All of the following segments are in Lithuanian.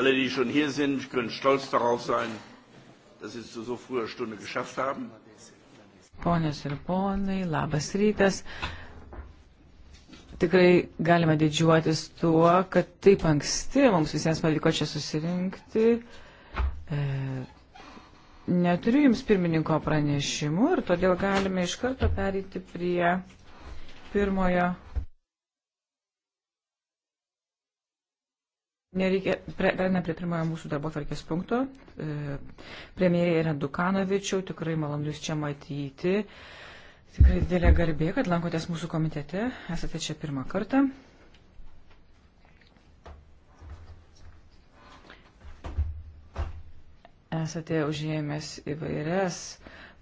Alle, die schon hier sind, können stolz darauf sein, dass sie es zu so früher Stunde geschafft haben. Ponios ir ponai, labas rytas. Tikrai galime didžiuotis tuo, kad taip anksti mums visiems pavyko čia susirinkti. E, neturiu Jums pirmininko pranešimų ir todėl galime iš karto perėti prie pirmojo Nereikia, perėmė prie pirmojo mūsų darbo tvarkės punkto. E, premjerė yra Dukanovičiau, tikrai malonu Jūs čia matyti. Tikrai didelė garbė, kad lankotės mūsų komitete, esate čia pirmą kartą. Esate užėmęs įvairias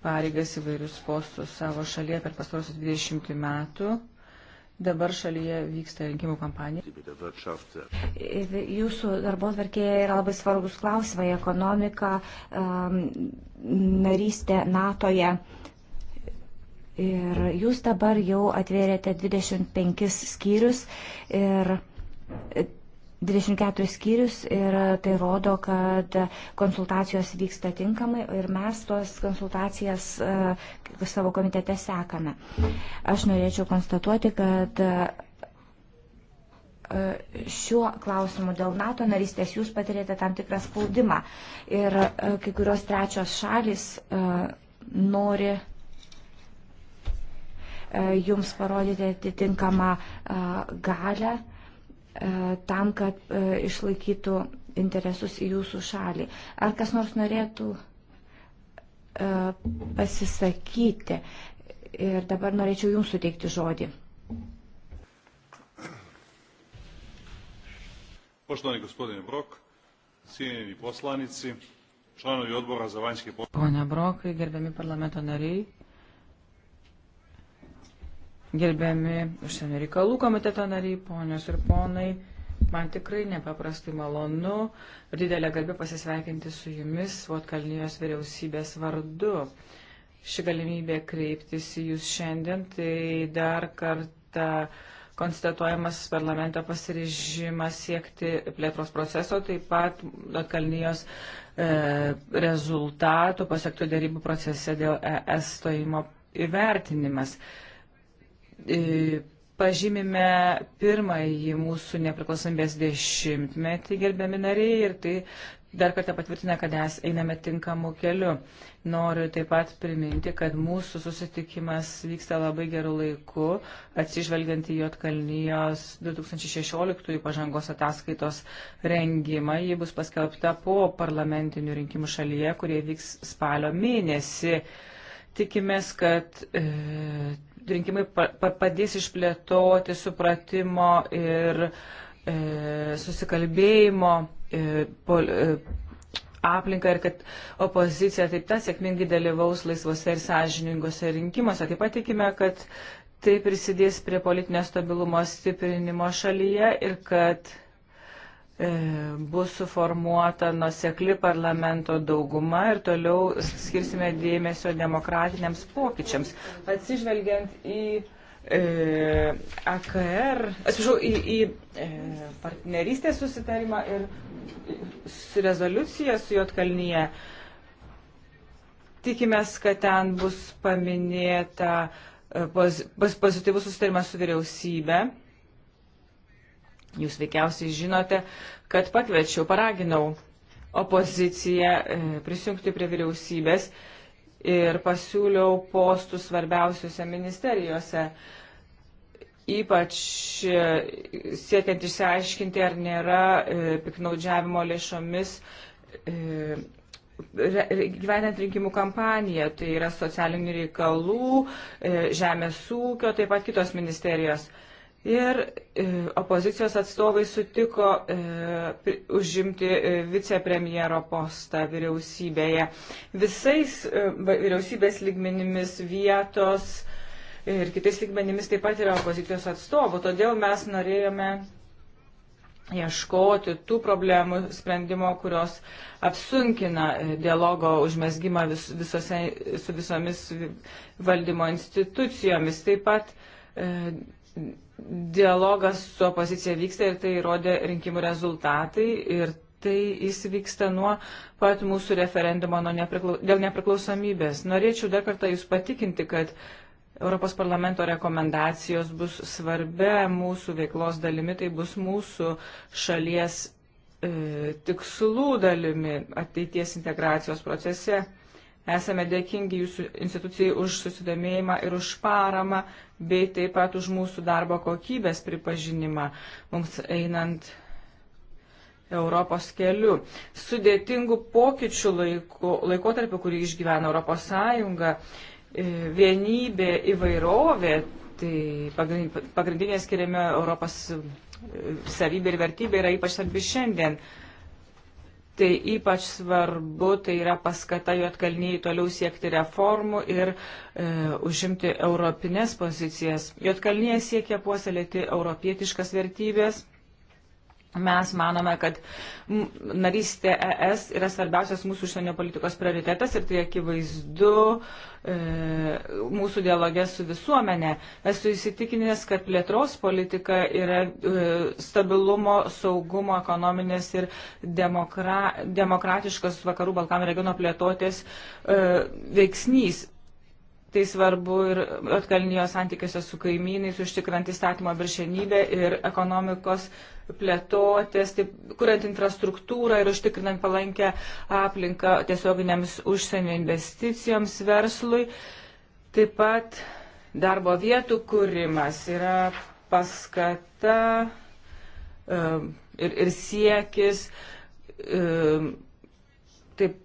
pareigas, įvairius postus savo šalyje per pastarosius 20 metų dabar šalyje vyksta rinkimų kampanija. Jūsų darbos verkėje yra labai svarbus klausimai - ekonomika, ehm, narystė NATOje. Ir jūs dabar jau atvėrėte 25 skyrius ir 24 skyrius ir tai rodo, kad konsultacijos vyksta tinkamai ir mes tuos konsultacijas e, savo komitete sekame. Aš norėčiau konstatuoti, kad e, šiuo klausimu dėl NATO narystės jūs patirėte tam tikrą spaudimą ir e, kai kurios trečios šalis nori jums parodyti atitinkamą galę E, tam, kad e, išlaikytų interesus į jūsų šalį. Ar kas nors norėtų e, pasisakyti? Ir dabar norėčiau jums suteikti žodį. Poštovani gospodine Brok, cijenjeni poslanici, članovi odbora za vanjske poslove. Pone Brokai, gerbiami parlamento nariai, Gerbiami užsienio reikalų komiteto nariai, ponios ir ponai, man tikrai nepaprastai malonu ir didelė garbė pasisveikinti su jumis Votkalnijos vyriausybės vardu. Ši galimybė kreiptis į jūs šiandien, tai dar kartą konstatuojamas parlamento pasirežimas siekti plėtros proceso, taip pat Lotkalnijos e, rezultatų pasiektų dėrybų procese dėl ES stojimo įvertinimas. E, E, pažymime pirmąjį mūsų nepriklausomybės dešimtmetį, gerbiami nariai, ir tai dar kartą patvirtina, kad mes einame tinkamu keliu. Noriu taip pat priminti, kad mūsų susitikimas vyksta labai geru laiku, atsižvelgiant į Jotkalnyjos 2016 pažangos ataskaitos rengimą. Ji bus paskelbta po parlamentinių rinkimų šalyje, kurie vyks spalio mėnesį. Tikimės, kad e, rinkimai padės išplėtoti supratimo ir e, susikalbėjimo e, pol, e, aplinką ir kad opozicija taip ta sėkmingai dalyvaus laisvose ir sąžiningose rinkimuose. Taip pat tikime, kad tai prisidės prie politinio stabilumo stiprinimo šalyje ir kad E, bus suformuota nusekli parlamento dauguma ir toliau skirsime dėmesio demokratiniams pokyčiams. Atsižvelgiant į e, AKR, atsiprašau, į, į e, partnerystės susitarimą ir su rezoliucija su Jotkalnyje, tikimės, kad ten bus paminėta e, pozityvus susitarimas su vyriausybė Jūs veikiausiai žinote, kad pakviečiau, paraginau opoziciją e, prisijungti prie vyriausybės ir pasiūliau postus svarbiausiuose ministerijose, ypač e, siekiant išsiaiškinti, ar nėra e, piknaudžiavimo lėšomis gyvenant rinkimų kampaniją, tai yra socialinių reikalų, žemės ūkio, taip pat kitos ministerijos. Ir e, opozicijos atstovai sutiko e, užimti e, vicepremjero postą vyriausybėje. Visais vyriausybės lygmenimis vietos ir kitais lygmenimis taip pat yra opozicijos atstovų. Todėl mes norėjome ieškoti tų problemų sprendimo, kurios apsunkina dialogo užmesgymą vis, visose, su visomis valdymo institucijomis. Taip pat e, dialogas su opozicija vyksta ir tai įrodė rinkimų rezultatai ir tai jis vyksta nuo pat mūsų referendumo nuo nepriklau, dėl nepriklausomybės. Norėčiau dar kartą Jūs patikinti, kad Europos parlamento rekomendacijos bus svarbia mūsų veiklos dalimi, tai bus mūsų šalies e, tikslų dalimi ateities integracijos procese. Esame dėkingi jūsų institucijai už susidomėjimą ir už paramą, bei taip pat už mūsų darbo kokybės pripažinimą mums einant Europos keliu. Sudėtingų pokyčių laiko, laikotarpiu, kurį išgyvena Europos Sąjunga, e, vienybė, įvairovė, tai pagrindinė skiriami Europos e, savybė ir vertybė yra ypač svarbi šiandien. Tai ypač svarbu, tai yra paskata Jotkalnyje toliau siekti reformų ir e, užimti europinės pozicijas. Jotkalnyje siekia puoselėti europietiškas vertybės Mes manome, kad narystė ES yra svarbiausias mūsų užsienio politikos prioritetas ir tai akivaizdu e, mūsų dialogė su visuomenė. Esu įsitikinęs, kad plėtros politika yra e, stabilumo, saugumo, ekonominės ir demokra, demokratiškos vakarų Balkanų regiono plėtotės e, veiksnys. Tai svarbu ir atkalnijos santykiuose su kaimynais, užtikrant įstatymo viršenybę ir ekonomikos plėtotės, taip, kuriant infrastruktūrą ir užtikrinant palankę aplinką tiesioginėms užsienio investicijoms verslui. Taip pat darbo vietų kūrimas yra paskata e, ir, ir siekis e, taip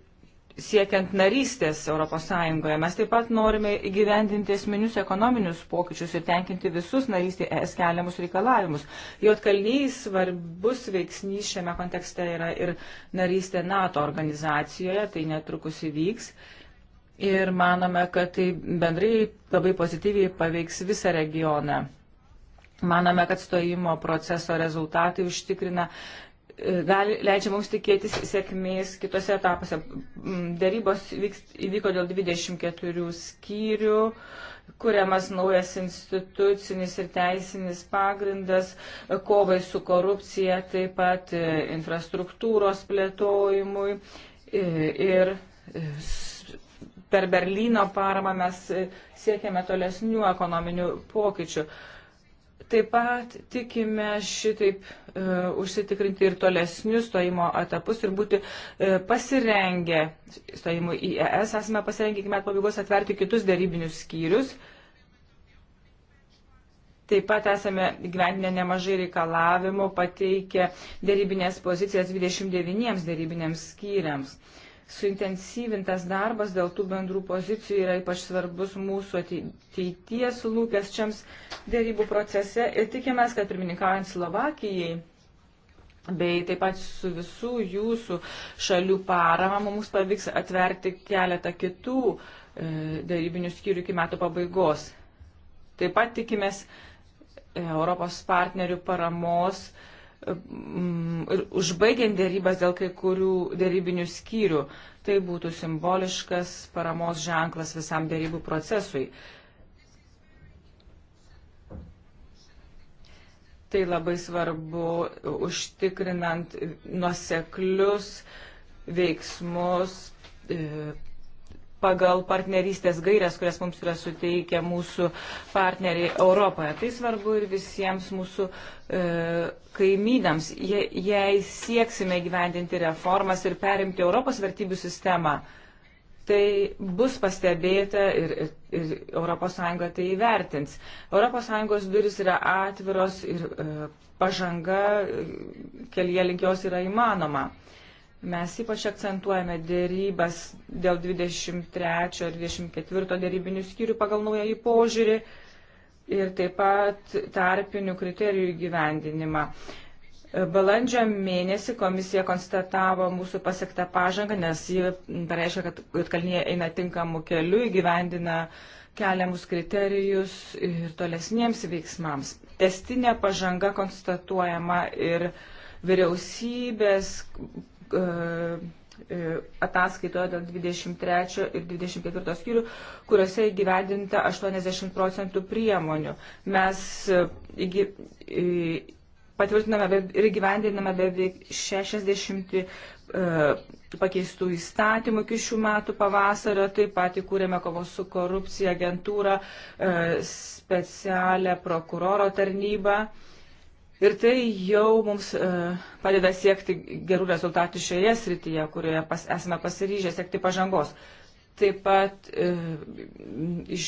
siekiant narystės ES. Mes taip pat norime įgyvendinti esminius ekonominius pokyčius ir tenkinti visus narystį ES keliamus reikalavimus. Jotkalnyje svarbus veiksnys šiame kontekste yra ir narystė NATO organizacijoje, tai netrukus įvyks. Ir manome, kad tai bendrai labai pozityviai paveiks visą regioną. Manome, kad stojimo proceso rezultatai užtikrina gali, leidžia mums tikėtis sėkmės kitose etapuose. Mm, Darybos vyks, įvyko dėl 24 skyrių, kuriamas naujas institucinis ir teisinis pagrindas, kovai su korupcija, taip pat e, infrastruktūros plėtojimui e, ir e, per Berlyno paramą mes siekiame tolesnių ekonominių pokyčių. Taip pat tikime šitaip e, užsitikrinti ir tolesnius stojimo etapus ir būti e, pasirengę stojimui į ES. Esame pasirengę iki metų pabaigos atverti kitus darybinius skyrius. Taip pat esame gyventinę nemažai reikalavimų pateikę darybinės pozicijas 29 darybinėms skyriams. E, suintensyvintas darbas dėl tų bendrų pozicijų yra ypač svarbus mūsų ateities lūkesčiams dėrybų procese ir tikimės, kad pirmininkaujant Slovakijai bei taip pat su visų jūsų šalių parama mums pavyks atverti keletą kitų e, dėrybinių skyrių iki metų pabaigos. Taip pat tikimės e, Europos partnerių paramos e, ir užbaigiant dėrybas dėl kai kurių dėrybinių skyrių. Tai būtų simboliškas paramos ženklas visam dėrybų procesui. Tai labai svarbu užtikrinant nuoseklius veiksmus e, pagal partnerystės gairias, kurias mums yra suteikę mūsų partneriai Europoje. Tai svarbu ir visiems mūsų e, kaimynams. Je, jei sieksime gyvendinti reformas ir perimti Europos vertybių sistemą, tai bus pastebėta ir, ir, ir ES tai įvertins. ES duris yra atviros ir e, pažanga e, kelyje link jos yra įmanoma. Mes ypač akcentuojame dėrybas dėl 23 ir 24 dėrybinių skyrių pagal naująjį požiūrį ir taip pat tarpinių kriterijų įgyvendinimą. Balandžio mėnesį komisija konstatavo mūsų pasiektą pažangą, nes ji pareiškia, kad Jotkalnyje eina tinkamų kelių, įgyvendina keliamus kriterijus ir tolesniems veiksmams. Testinė pažanga konstatuojama ir vyriausybės E, e, ataskaitoje dėl 23 ir 24 skyrių, kuriuose įgyvendinta 80 procentų priemonių. Mes e, įgy, patvirtiname ir įgyvendiname beveik 60 pakeistų įstatymų iki šių metų pavasario, taip pat įkūrėme kovos su korupcija agentūrą, specialią prokuroro tarnybą Ir tai jau mums e, padeda siekti gerų rezultatų šioje srityje, kurioje pas, esame pasiryžę siekti pažangos. Taip pat e, iš,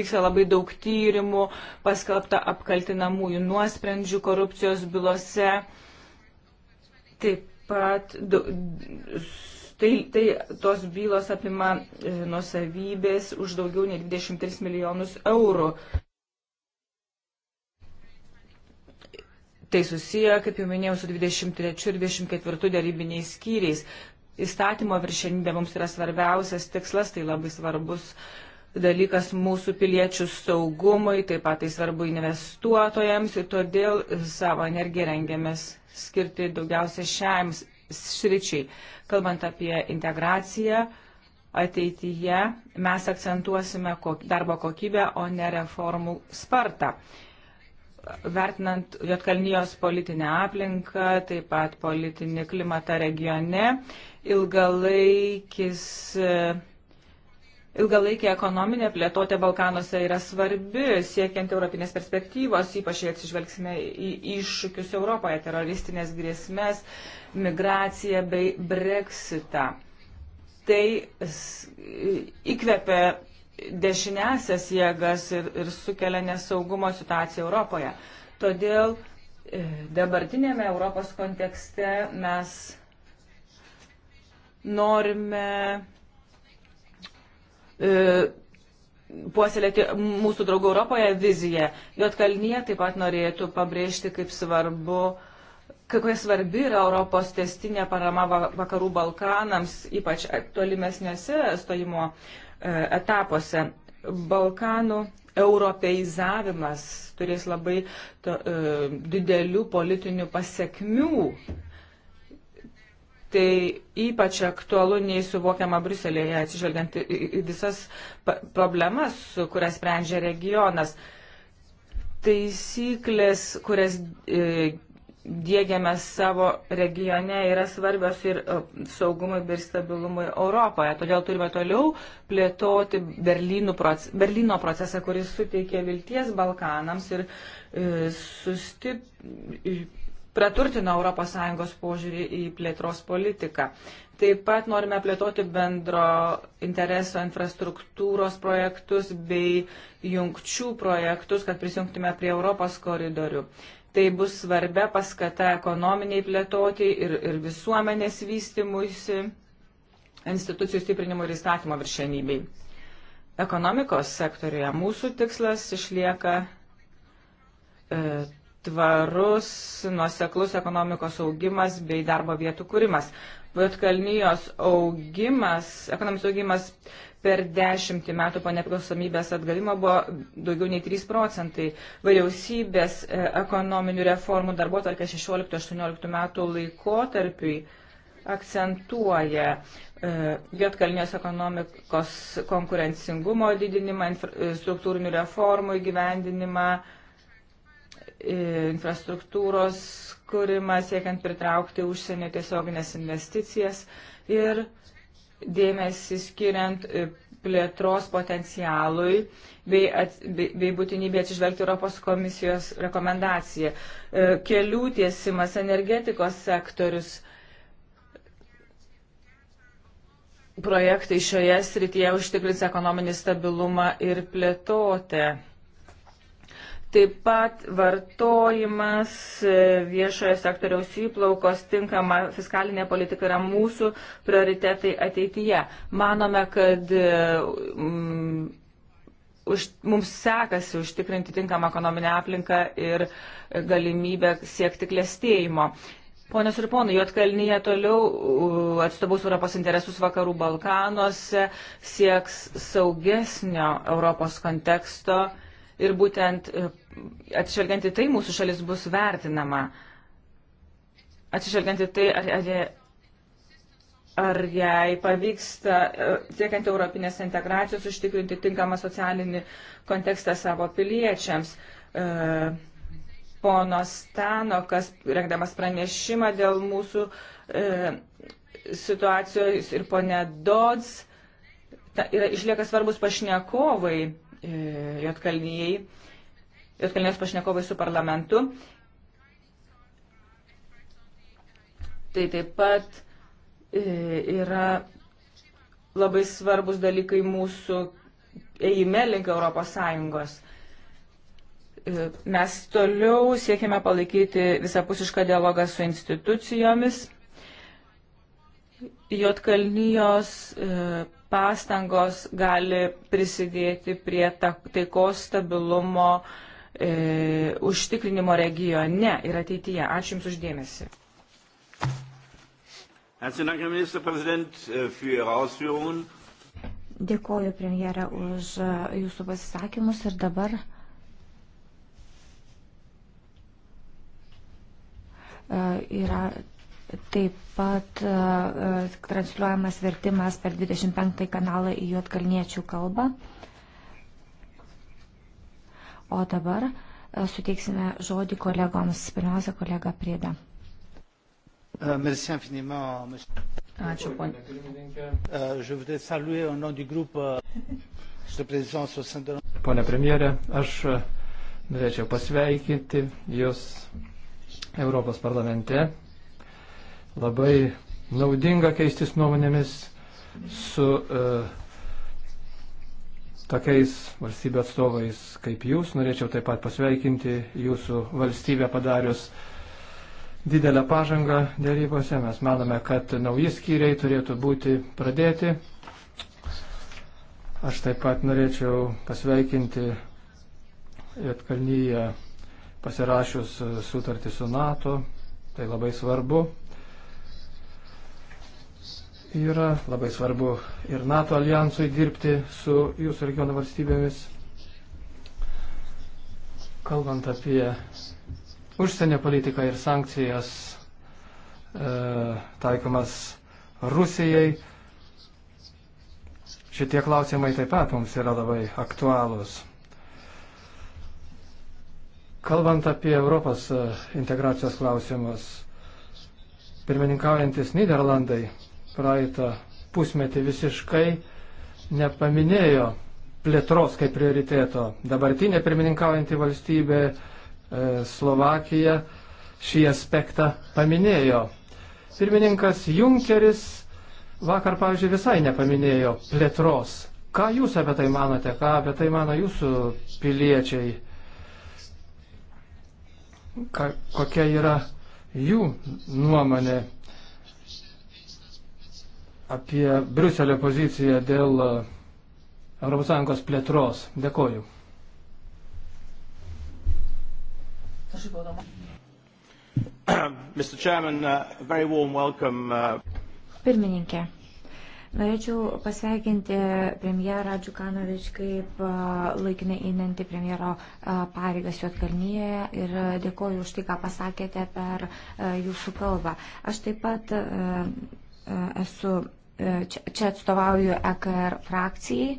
vyksta labai daug tyrimų, paskelbta apkaltinamųjų nuosprendžių korupcijos bylose. Taip pat da, tai, tai tos bylos apima e, nusavybės už daugiau nei 23 milijonus eurų. Tai susiję, kaip jau minėjau, su 23 ir 24 darybiniais skyriais. Įstatymo viršenybė mums yra svarbiausias tikslas, tai labai svarbus dalykas mūsų piliečių saugumui, taip pat tai svarbu investuotojams ir todėl savo energiją rengiamės skirti daugiausia šiam sričiai. Kalbant apie integraciją, ateityje mes akcentuosime darbo kokybę, o ne reformų spartą vertinant Jotkalnijos politinę aplinką, taip pat politinį klimatą regione, ilgalaikis. Ilgalaikė ekonominė plėtotė Balkanuose yra svarbi, siekiant europinės perspektyvos, ypač jei atsižvelgsime į iššūkius Europoje, teroristinės grėsmės, migraciją bei breksitą. Tai įkvepia dešinėsias jėgas ir, ir sukelia nesaugumo situaciją Europoje. Todėl e, dabartinėme Europos kontekste mes norime e, puoselėti mūsų draugų Europoje viziją. Jotkalnyje taip pat norėtų pabrėžti, kaip svarbu, kokia svarbi yra Europos testinė parama vakarų Balkanams, ypač tolimesniuose stojimo E, etapuose. Balkanų europeizavimas turės labai to, e, didelių politinių pasiekmių. Tai ypač aktualu nei suvokiama Bruselėje, atsižvelgiant į, į visas problemas, kurias sprendžia regionas. Taisyklės, kurias e, dėgiame savo regione, yra svarbios ir e, saugumui ir stabilumui Europoje. Todėl turime toliau plėtoti proces, Berlyno procesą, kuris suteikė vilties Balkanams ir e, sustip, praturtino ES požiūrį į plėtros politiką. Taip pat norime plėtoti bendro intereso infrastruktūros projektus bei jungčių projektus, kad prisijungtume prie Europos koridorių. Tai bus svarbia paskata ekonominiai plėtoti ir, ir visuomenės vystimuisi, institucijų stiprinimo ir įstatymo viršenybei. Ekonomikos sektorioje mūsų tikslas išlieka e, tvarus, nuoseklus ekonomikos augimas bei darbo vietų kūrimas. Vatkalnyjos augimas, ekonomis augimas per dešimtį metų po nepriklausomybės atgavimo buvo daugiau nei 3 procentai. Vyriausybės e, ekonominių reformų darbo tarkia 16-18 metų laikotarpiui akcentuoja Jotkalnės e, ekonomikos konkurencingumo didinimą, e, struktūrinių reformų įgyvendinimą, infrastruktūros kūrimą, siekiant pritraukti užsienio tiesioginės investicijas ir dėmesį skiriant e, plėtros potencialui bei, at, bei, bei būtinybė atsižvelgti Europos komisijos rekomendaciją. E, kelių tiesimas, energetikos sektorius, projektai šioje srityje užtikrins ekonominį stabilumą ir plėtotę. Taip pat vartojimas, e, viešojo sektoriaus įplaukos, tinkama fiskalinė politika yra mūsų prioritetai ateityje. Manome, kad mm, už, mums sekasi užtikrinti tinkamą ekonominę aplinką ir galimybę siekti klėstėjimo. Ponios ir ponai, Jotkalnyje toliau atstovaus Europos interesus vakarų Balkanuose, sieks saugesnio Europos konteksto ir būtent e, atsižvelgiant į tai mūsų šalis bus vertinama. Atsižvelgiant į tai, ar, ar, ar jai pavyksta e, siekiant europinės integracijos užtikrinti tinkamą socialinį kontekstą savo piliečiams. E, pono Stano, kas rengdamas pranešimą dėl mūsų e, situacijos ir ponė Dodds, ta, yra, išlieka svarbus pašnekovai E, Jotkalnyjai, Jotkalnijos pašnekovai su parlamentu. Tai taip pat e, yra labai svarbus dalykai mūsų eime link Europos Sąjungos. E, mes toliau siekime palaikyti visapusišką dialogą su institucijomis. Jotkalnyjos pastangos gali prisidėti prie ta, taikos stabilumo e, užtikrinimo regione ir ateityje. Ačiū Jums uždėmesi. Äh, Dėkoju, premjera, už e, Jūsų pasisakymus ir dabar e, yra Taip pat uh, transliuojamas vertimas per 25 kanalą į juotkalniečių kalbą. O dabar uh, suteiksime žodį kolegoms. Pirmiausia, kolega Prėda. Ačiū, ponė. Euh, Pone premjerė, aš norėčiau pasveikinti Jūs Europos parlamente Labai naudinga keistis nuomonėmis su e, tokiais valstybės atstovais kaip jūs. Norėčiau taip pat pasveikinti jūsų valstybę padarius didelę pažangą dėrybose. Mes manome, kad nauji skyriai turėtų būti pradėti. Aš taip pat norėčiau pasveikinti Jotkalnyje pasirašius sutartį su NATO. Tai labai svarbu yra labai svarbu ir NATO alijansui dirbti su jūsų regiono valstybėmis. Kalbant apie užsienio politiką ir sankcijas e, taikomas Rusijai, šitie klausimai taip pat mums yra labai aktualūs. Kalbant apie Europos e, integracijos klausimus, pirmininkaujantis Niderlandai praeitą pusmetį visiškai nepaminėjo plėtros kaip prioriteto. Dabartinė pirmininkaujanti valstybė e, Slovakija šį aspektą paminėjo. Pirmininkas Junkeris vakar, pavyzdžiui, visai nepaminėjo plėtros. Ką jūs apie tai manote, ką apie tai mano jūsų piliečiai? Ka, kokia yra jų nuomonė apie Briuselio poziciją dėl ES plėtros. Dėkoju. Uh, uh, Pirmininkė, norėčiau pasveikinti premjerą Džukanovič kaip uh, laikinai einantį premjero pareigas Jotkalnyje ir dėkoju už tai, ką pasakėte per jūsų kalbą. Aš taip pat esu čia, čia atstovauju EKR frakcijai, e,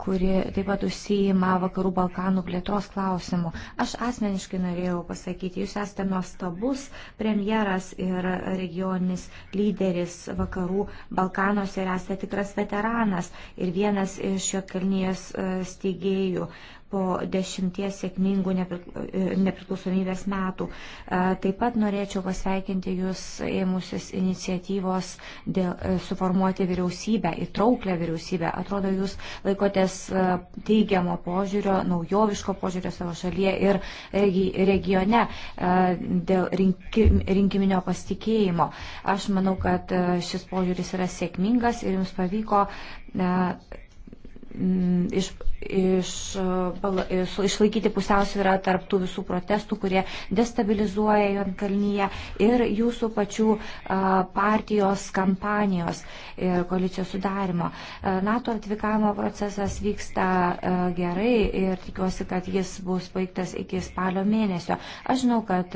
kuri taip pat užsijima Vakarų Balkanų plėtros klausimų. Aš asmeniškai norėjau pasakyti, jūs esate nuostabus premjeras ir regioninis lyderis Vakarų Balkanos ir esate tikras veteranas ir vienas iš jo kalnyjos e, steigėjų po dešimties sėkmingų nepriklausomybės metų. E, taip pat norėčiau pasveikinti Jūs ėmusis iniciatyvos dėl, e, suformuoti vyriausybę, įtrauklę vyriausybę. Atrodo, Jūs laikotės e, teigiamo požiūrio, naujoviško požiūrio savo šalyje ir regione dėl rinkiminio pasitikėjimo. Aš manau, kad šis požiūris yra sėkmingas ir Jums pavyko iš, iš, iš, išlaikyti pusiausvyrą tarp tų visų protestų, kurie destabilizuoja Jonkalnyje ir jūsų pačių partijos kampanijos ir koalicijos sudarimo. NATO ratifikavimo procesas vyksta gerai ir tikiuosi, kad jis bus baigtas iki spalio mėnesio. Aš žinau, kad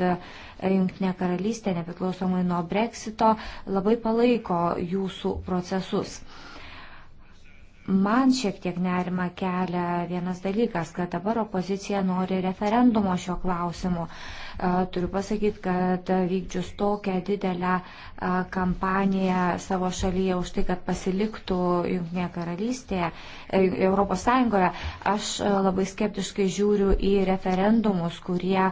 Junktinė karalystė, nepriklausomai nuo breksito, labai palaiko jūsų procesus. Man šiek tiek nerima kelia vienas dalykas, kad dabar opozicija nori referendumo šiuo klausimu. E, turiu pasakyti, kad vykdžius tokią didelę e, kampaniją savo šalyje už tai, kad pasiliktų Junktinėje karalystėje, e, Europos Sąjungoje, aš labai skeptiškai žiūriu į referendumus, kurie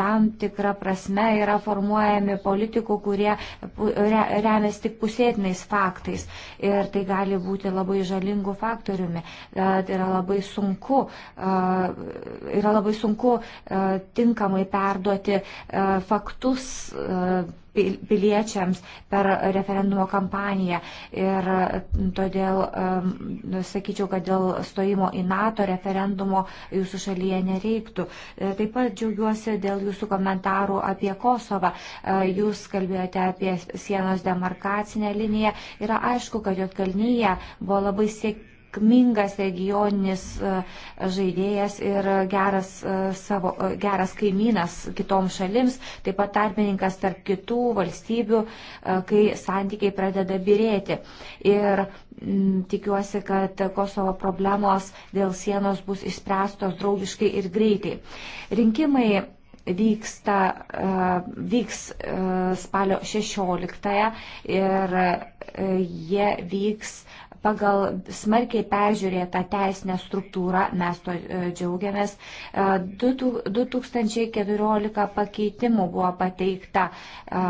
tam tikrą prasme yra formuojami politikų, kurie remiasi tik pusėtinais faktais. Ir tai gali būti labai žalingų faktoriumi. Tai yra labai sunku, yra labai sunku tinkamai perduoti faktus piliečiams per referendumo kampaniją. Ir e, todėl e, sakyčiau, kad dėl stojimo į NATO referendumo jūsų šalyje nereiktų. E, taip pat džiaugiuosi dėl jūsų komentarų apie Kosovą. Jūs kalbėjote apie sienos demarkacinę liniją. Yra aišku, kad Jotkalnyje buvo labai sėkminga sėkmingas regioninis e, žaidėjas ir geras, e, savo, e, geras kaimynas kitoms šalims, taip pat tarpininkas tarp kitų valstybių, kai santykiai pradeda birėti. Ir m, tikiuosi, kad Kosovo problemos dėl sienos bus išspręstos draugiškai ir greitai. Rinkimai vyksta, vyks spalio 16 ir jie vyks pagal smarkiai peržiūrėtą teisinę struktūrą, mes to e, džiaugiamės, 2014 e, pakeitimų buvo pateikta e,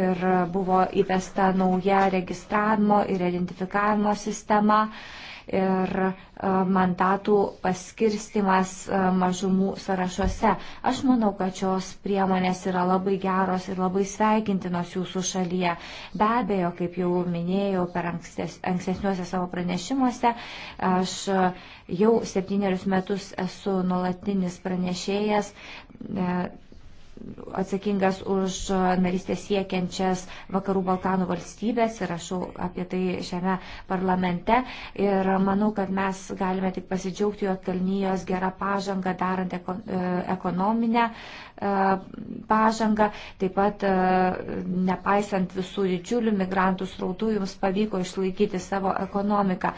ir buvo įvesta nauja registravimo ir identifikavimo sistema ir e, mandatų paskirstimas e, mažumų sąrašuose. Aš manau, kad šios priemonės yra labai geros ir labai sveikintinos jūsų šalyje. Be abejo, kaip jau minėjau per ankstes, ankstesniuose savo pranešimuose, aš jau septynerius metus esu nuolatinis pranešėjas. E, atsakingas už narystės siekiančias Vakarų Balkanų valstybės ir aš apie tai šiame parlamente. Ir manau, kad mes galime tik pasidžiaugti jo kalnyjos gerą pažangą darant e, ekonominę E, pažangą, taip pat e, nepaisant visų didžiulių migrantų srautų, jums pavyko išlaikyti savo ekonomiką,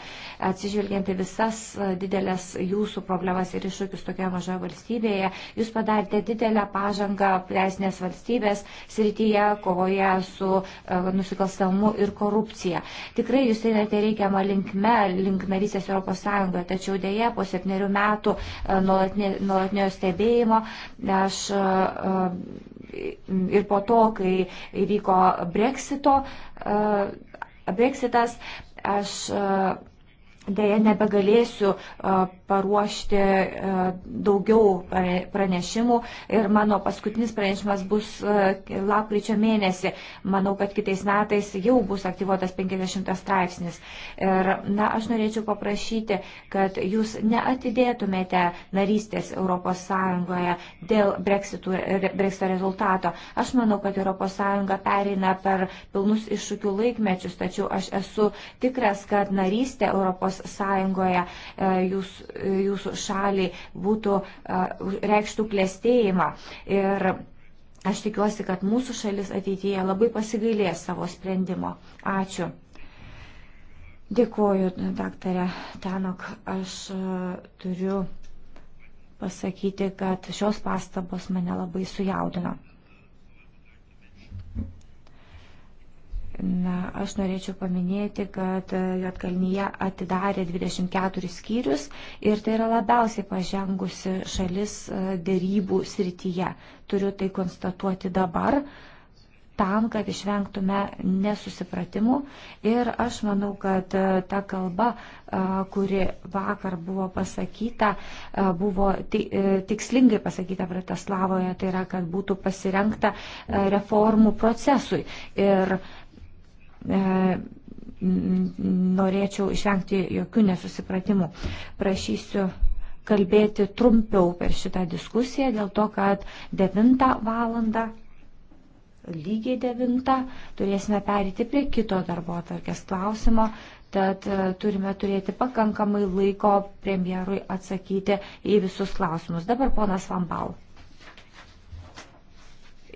atsižvelgiant į visas e, didelės jūsų problemas ir iššūkius tokioje mažoje valstybėje. Jūs padarėte didelę pažangą teisinės valstybės srityje, kovoje su nusikalstamu ir korupcija. Tikrai jūs einate reikiamą linkme, link narysės Europos Sąjungoje, tačiau dėje po septynerių metų nuolatinio stebėjimo aš E, ir po to, kai įvyko Brexito, e, Brexitas, aš e, Deja, nebegalėsiu paruošti daugiau pranešimų ir mano paskutinis pranešimas bus lapkričio mėnesį. Manau, kad kitais metais jau bus aktyvuotas 50 straipsnis. Ir na, aš norėčiau paprašyti, kad jūs neatidėtumėte narystės ES dėl Brexito, Brexito rezultato. Aš manau, kad ES pereina per pilnus iššūkių laikmečius, tačiau aš esu tikras, kad narystė ES ES e, jūs, jūsų šaliai būtų e, reikštų klėstėjimą. Ir aš tikiuosi, kad mūsų šalis ateityje labai pasigailės savo sprendimo. Ačiū. Dėkuoju, daktarė Tanok. Aš e, turiu pasakyti, kad šios pastabos mane labai sujaudino. Na, aš norėčiau paminėti, kad e, Jotkalnyje atidarė 24 skyrius ir tai yra labiausiai pažengusi šalis e, dėrybų srityje. Turiu tai konstatuoti dabar tam, kad išvengtume nesusipratimų. Ir aš manau, kad e, ta kalba, kuri vakar buvo pasakyta, buvo tikslingai pasakyta Bratislavoje, tai yra, kad būtų pasirengta reformų procesui. Ir E, norėčiau išvengti jokių nesusipratimų. Prašysiu kalbėti trumpiau per šitą diskusiją dėl to, kad 9 valandą, lygiai 9, turėsime perėti prie kito darbo atvarkės klausimo, tad e, turime turėti pakankamai laiko premjerui atsakyti į visus klausimus. Dabar ponas Vambal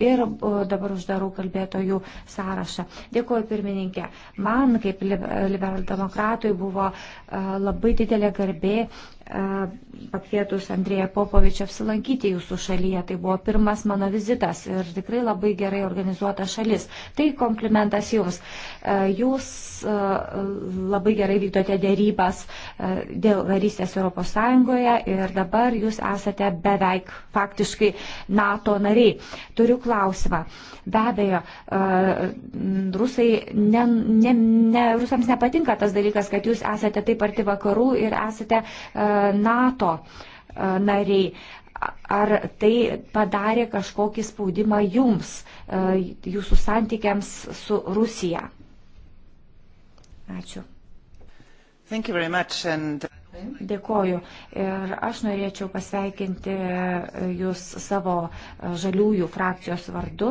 ir dabar uždarau kalbėtojų sąrašą. Dėkuoju pirmininkė. Man kaip liberaldemokratui buvo labai didelė garbė pakvietus Andrėją Popovičią apsilankyti jūsų šalyje. Tai buvo pirmas mano vizitas ir tikrai labai gerai organizuota šalis. Tai komplimentas jums. Jūs labai gerai vykdote dėrybas dėl narystės ES ir dabar jūs esate beveik faktiškai NATO nariai. Turiu klausimą. Be abejo, rusai, ne, ne, ne, rusams nepatinka tas dalykas, kad jūs esate taip arti vakarų ir esate uh, NATO e, nariai. Ar tai padarė kažkokį spaudimą jums, e, jūsų santykiams su Rusija? Ačiū. And... Dėkoju. Ir aš norėčiau pasveikinti Jūs savo žaliųjų frakcijos vardu.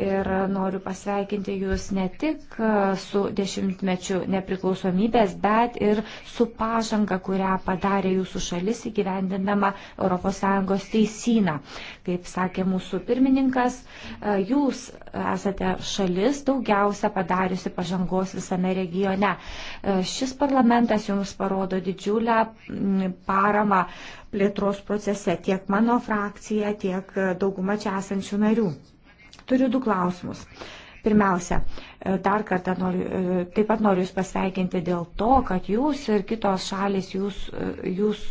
Ir noriu pasveikinti Jūs ne tik su dešimtmečiu nepriklausomybės, bet ir su pažanga, kurią padarė Jūsų šalis įgyvendindama ES teisyną. Kaip sakė mūsų pirmininkas, Jūs esate šalis daugiausia padariusi pažangos visame regione. E, šis parlamentas jums parodo didžiulę paramą plėtros procese tiek mano frakcija, tiek dauguma čia esančių narių. Turiu du klausimus. Pirmiausia, e, dar kartą noriu, e, taip pat noriu Jūs pasveikinti dėl to, kad Jūs ir kitos šalis, Jūs, jūs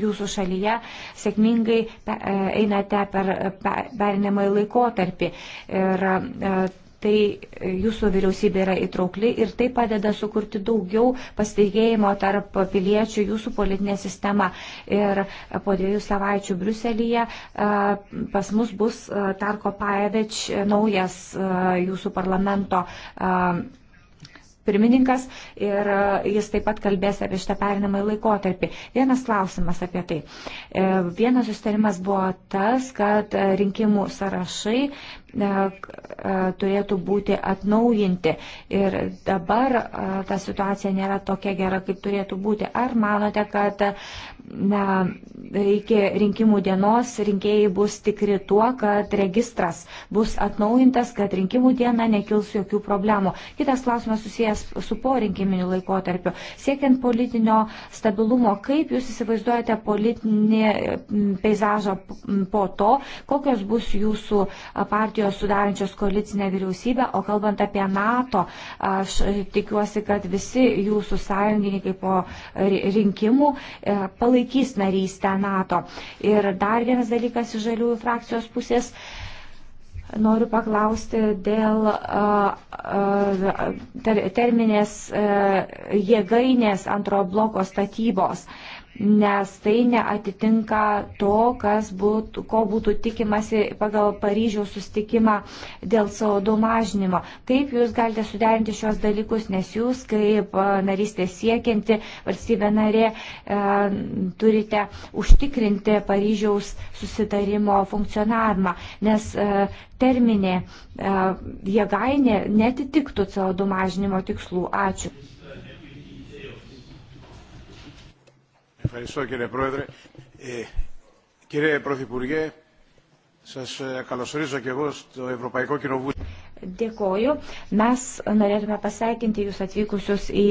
jūsų šalyje sėkmingai e, einate per perinamąjį laikotarpį. Ir e, tai jūsų vyriausybė yra įtraukli ir tai padeda sukurti daugiau pasitikėjimo tarp piliečių jūsų politinė sistema. Ir po dviejų savaičių Bruselėje e, pas mus bus Tarko Paevič naujas jūsų parlamento pirmininkas ir e, jis taip pat kalbės apie šitą perinamąjį laikotarpį. Vienas klausimas apie tai. E, vienas sustarimas buvo tas, kad e, rinkimų sąrašai turėtų būti atnaujinti. Ir dabar ta situacija nėra tokia gera, kaip turėtų būti. Ar manote, kad na, iki rinkimų dienos rinkėjai bus tikri tuo, kad registras bus atnaujintas, kad rinkimų diena nekils jokių problemų. Kitas klausimas susijęs su porinkiminiu laikotarpiu. Siekiant politinio stabilumo, kaip jūs įsivaizduojate politinį peizažą po to, kokios bus jūsų partijos sudarančios koalicinę vyriausybę, o kalbant apie NATO, aš tikiuosi, kad visi jūsų sąjungininkai po rinkimų e, palaiks palaikys narystę NATO. Ir dar vienas dalykas iš žaliųjų frakcijos pusės. Noriu paklausti dėl uh, uh, ter, terminės uh, jėgainės antro bloko statybos. Uh, nes tai neatitinka to, būtų, ko būtų tikimasi pagal Paryžiaus sustikimą dėl CO2 mažinimo. Kaip jūs galite suderinti šios dalykus, nes jūs kaip e, narystės siekianti valstybė narė e, turite užtikrinti Paryžiaus susitarimo funkcionavimą, nes e, terminė e, jėgainė netitiktų CO2 mažinimo tikslų. Ačiū. Ευχαριστώ κύριε Πρόεδρε. Ε, κύριε Πρωθυπουργέ, σας καλωσορίζω και εγώ στο Ευρωπαϊκό Κοινοβούλιο. Dėkoju. Mes norėtume pasveikinti Jūs atvykusius į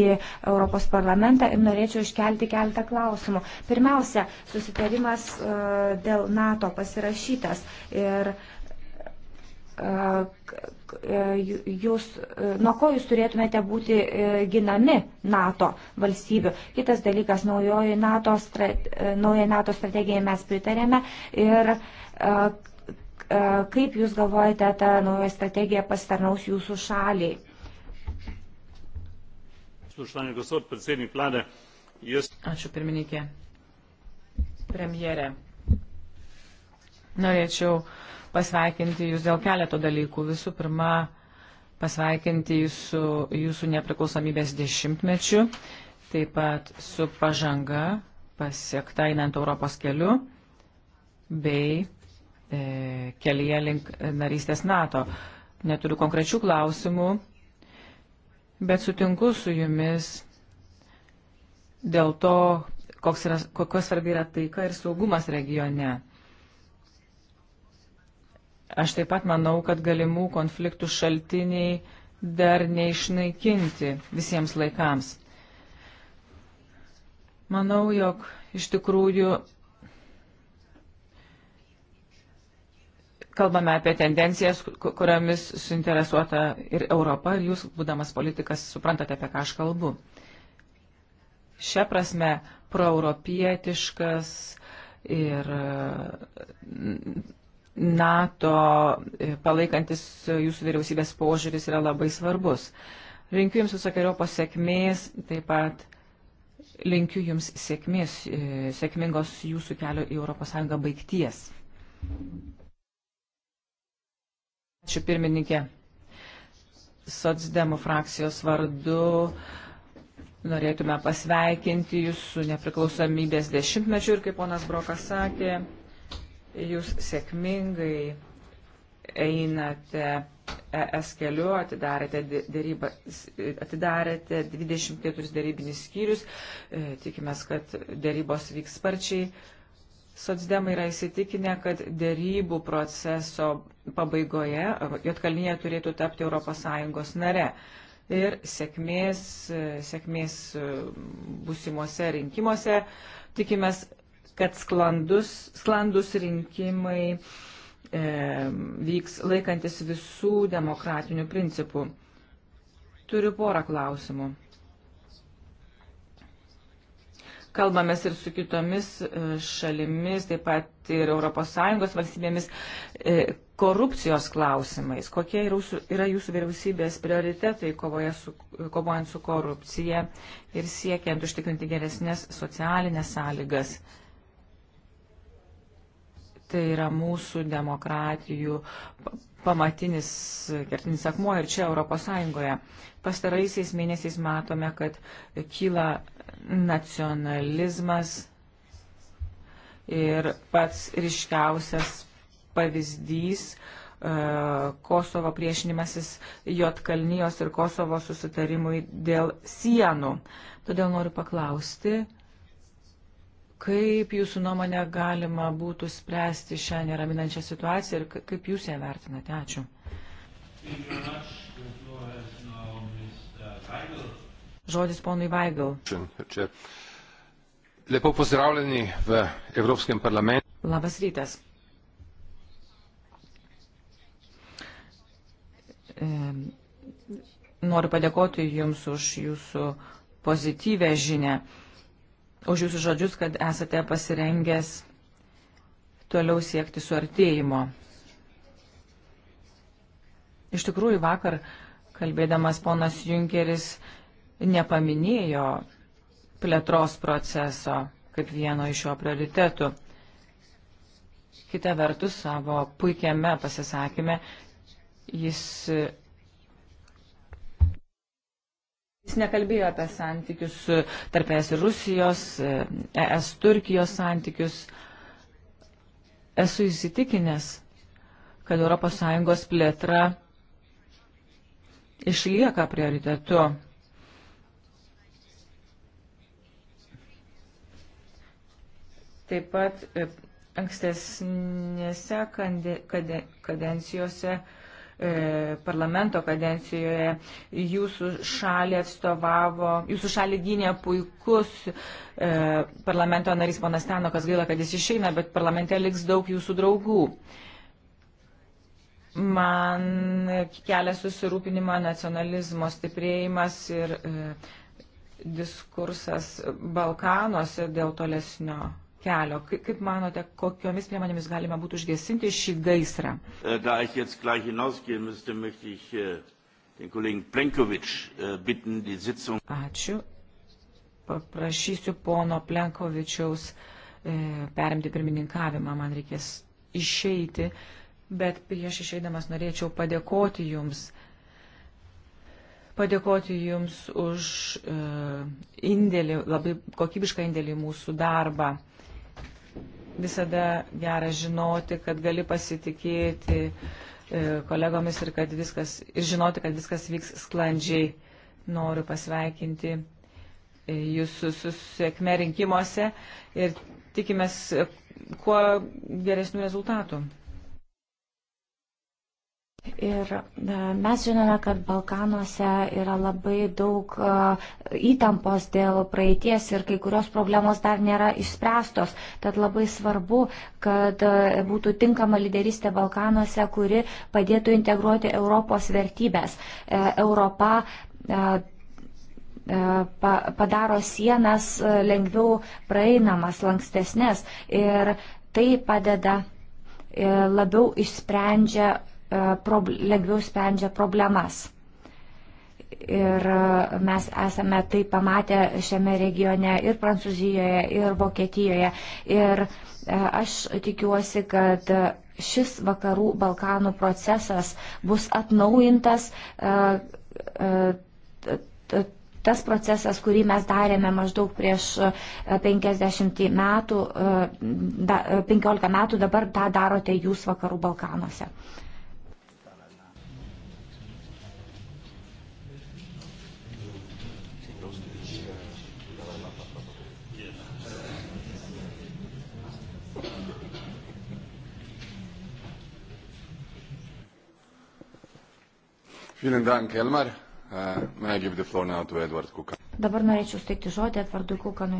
Europos parlamentą ir norėčiau iškelti keletą klausimų. Pirmiausia, susitarimas e, dėl NATO pasirašytas ir uh, E, e, jūs, e, nuo ko jūs turėtumėte būti ginami NATO valstybių. Kitas dalykas, naujoji NATO, naujoji NATO strategijai mes pritarėme ir kaip jūs galvojate, ta nauja strategija pasitarnaus jūsų šaliai. Ačiū pirmininkė. Premjerė. Norėčiau uh, pasveikinti Jūs dėl keleto dalykų. Visų pirma, pasveikinti Jūs su Jūsų nepriklausomybės dešimtmečiu, taip pat su pažanga pasiekta einant Europos keliu bei e, kelyje link narystės NATO. Neturiu konkrečių klausimų, bet sutinku su jumis dėl to, koks yra, kokios svarbi yra taika ir saugumas regione. Aš taip pat manau, kad galimų konfliktų šaltiniai dar neišnaikinti visiems laikams. Manau, jog iš tikrųjų kalbame apie tendencijas, kuriomis suinteresuota ir Europa, ir jūs, būdamas politikas, suprantate, apie ką aš kalbu. Šia prasme, proeuropietiškas ir NATO e, palaikantis jūsų vyriausybės požiūris yra labai svarbus. Linkiu Jums visokiojo pasiekmės, taip pat linkiu Jums sėkmės, e, sėkmingos Jūsų kelio į ES baigties. Ačiū pirmininkė. Sotsdemų frakcijos vardu norėtume pasveikinti Jūsų nepriklausomybės dešimtmečių ir kaip ponas Brokas sakė, jūs sėkmingai einate ES keliu, atidarėte, dėrybą, atidarėte 24 dėrybinis skyrius, e, tikimės, kad dėrybos vyks sparčiai. Sotsdemai yra įsitikinę, kad dėrybų proceso pabaigoje Jotkalnyje turėtų tapti ES nare. Ir sėkmės, sėkmės e, busimuose rinkimuose tikimės kad sklandus, sklandus rinkimai e, vyks laikantis visų demokratinių principų. Turiu porą klausimų. Kalbamės ir su kitomis e, šalimis, taip pat ir ES valstybėmis e, korupcijos klausimais. Kokie yra jūsų vyriausybės prioritetai su, kovojant su korupcija ir siekiant užtikrinti geresnės socialinės sąlygas? Tai yra mūsų demokratijų pamatinis kertinis akmuo ir čia Europos Sąjungoje. Pastaraisiais mėnesiais matome, kad kyla nacionalizmas ir pats ryškiausias pavyzdys e, Kosovo priešinimasis Jotkalnijos ir Kosovo susitarimui dėl sienų. Todėl noriu paklausti, Kaip jūsų nuomonė galima būtų spręsti šią neraminančią situaciją ir kaip jūs ją vertinate? Ačiū. Žodis ponui Vaigal. Lepo pozdravljeni v Evropskem parlamentu. Labas rytas. Noriu padėkoti Jums už Jūsų pozityvę žinę už jūsų žodžius, kad esate pasirengęs toliau siekti suartėjimo. Iš tikrųjų, vakar kalbėdamas ponas Junkeris nepaminėjo plėtros proceso kaip vieno iš jo prioritetų. Kita vertus, savo puikiame pasisakymė jis Jis nekalbėjo apie santykius tarp ES ir Rusijos, ES Turkijos santykius. Esu įsitikinęs, kad ES plėtra išlieka prioritetu. Taip pat e, ankstesnėse kade, kade, kadencijose kade, E, parlamento kadencijoje. Jūsų šalį atstovavo, jūsų šalį gynė puikus e, parlamento narys ponas Tenokas, gaila, kad jis išeina, bet parlamente liks daug jūsų draugų. Man kelia susirūpinimą nacionalizmo stiprėjimas ir e, diskursas Balkanuose dėl tolesnio kelio. Kaip manote, kokiomis priemonėmis galima būtų užgesinti šį gaisrą? Äh, da ich jetzt gleich hinausgehen müsste, möchte ich äh, den Kollegen Plenkovič äh, bitten, die Sitzung. Ačiū. Paprašysiu pono Plenkovičiaus perimti pirmininkavimą, man reikės išeiti, bet prieš išeidamas norėčiau padėkoti jums padėkoti Jums už indėlį, labai kokybišką indėlį į mūsų darbą visada gera žinoti, kad gali pasitikėti e, kolegomis ir, kad viskas, ir žinoti, kad viskas vyks sklandžiai. Noriu pasveikinti e, jūsų susėkme rinkimuose ir tikimės e, kuo geresnių rezultatų. Ir e, mes žinome, kad Balkanuose yra labai daug e, įtampos dėl praeities ir kai kurios problemos dar nėra išspręstos. Tad labai svarbu, kad e, būtų tinkama lyderystė Balkanuose, kuri padėtų integruoti Europos vertybės. Europa padaro sienas lengviau praeinamas, lankstesnės ir tai padeda labiau išsprendžia E, lengviau sprendžia problemas. Ir e, mes esame tai pamatę šiame regione ir Prancūzijoje, ir Vokietijoje. Ir e, aš tikiuosi, kad šis vakarų Balkanų procesas bus atnaujintas. Tas procesas, kurį mes darėme maždaug prieš 50 metų, 15 metų, dabar tą darote jūs vakarų Balkanuose. Uh, Dabar norėčiau steigti žodį Edvardui Kukanui.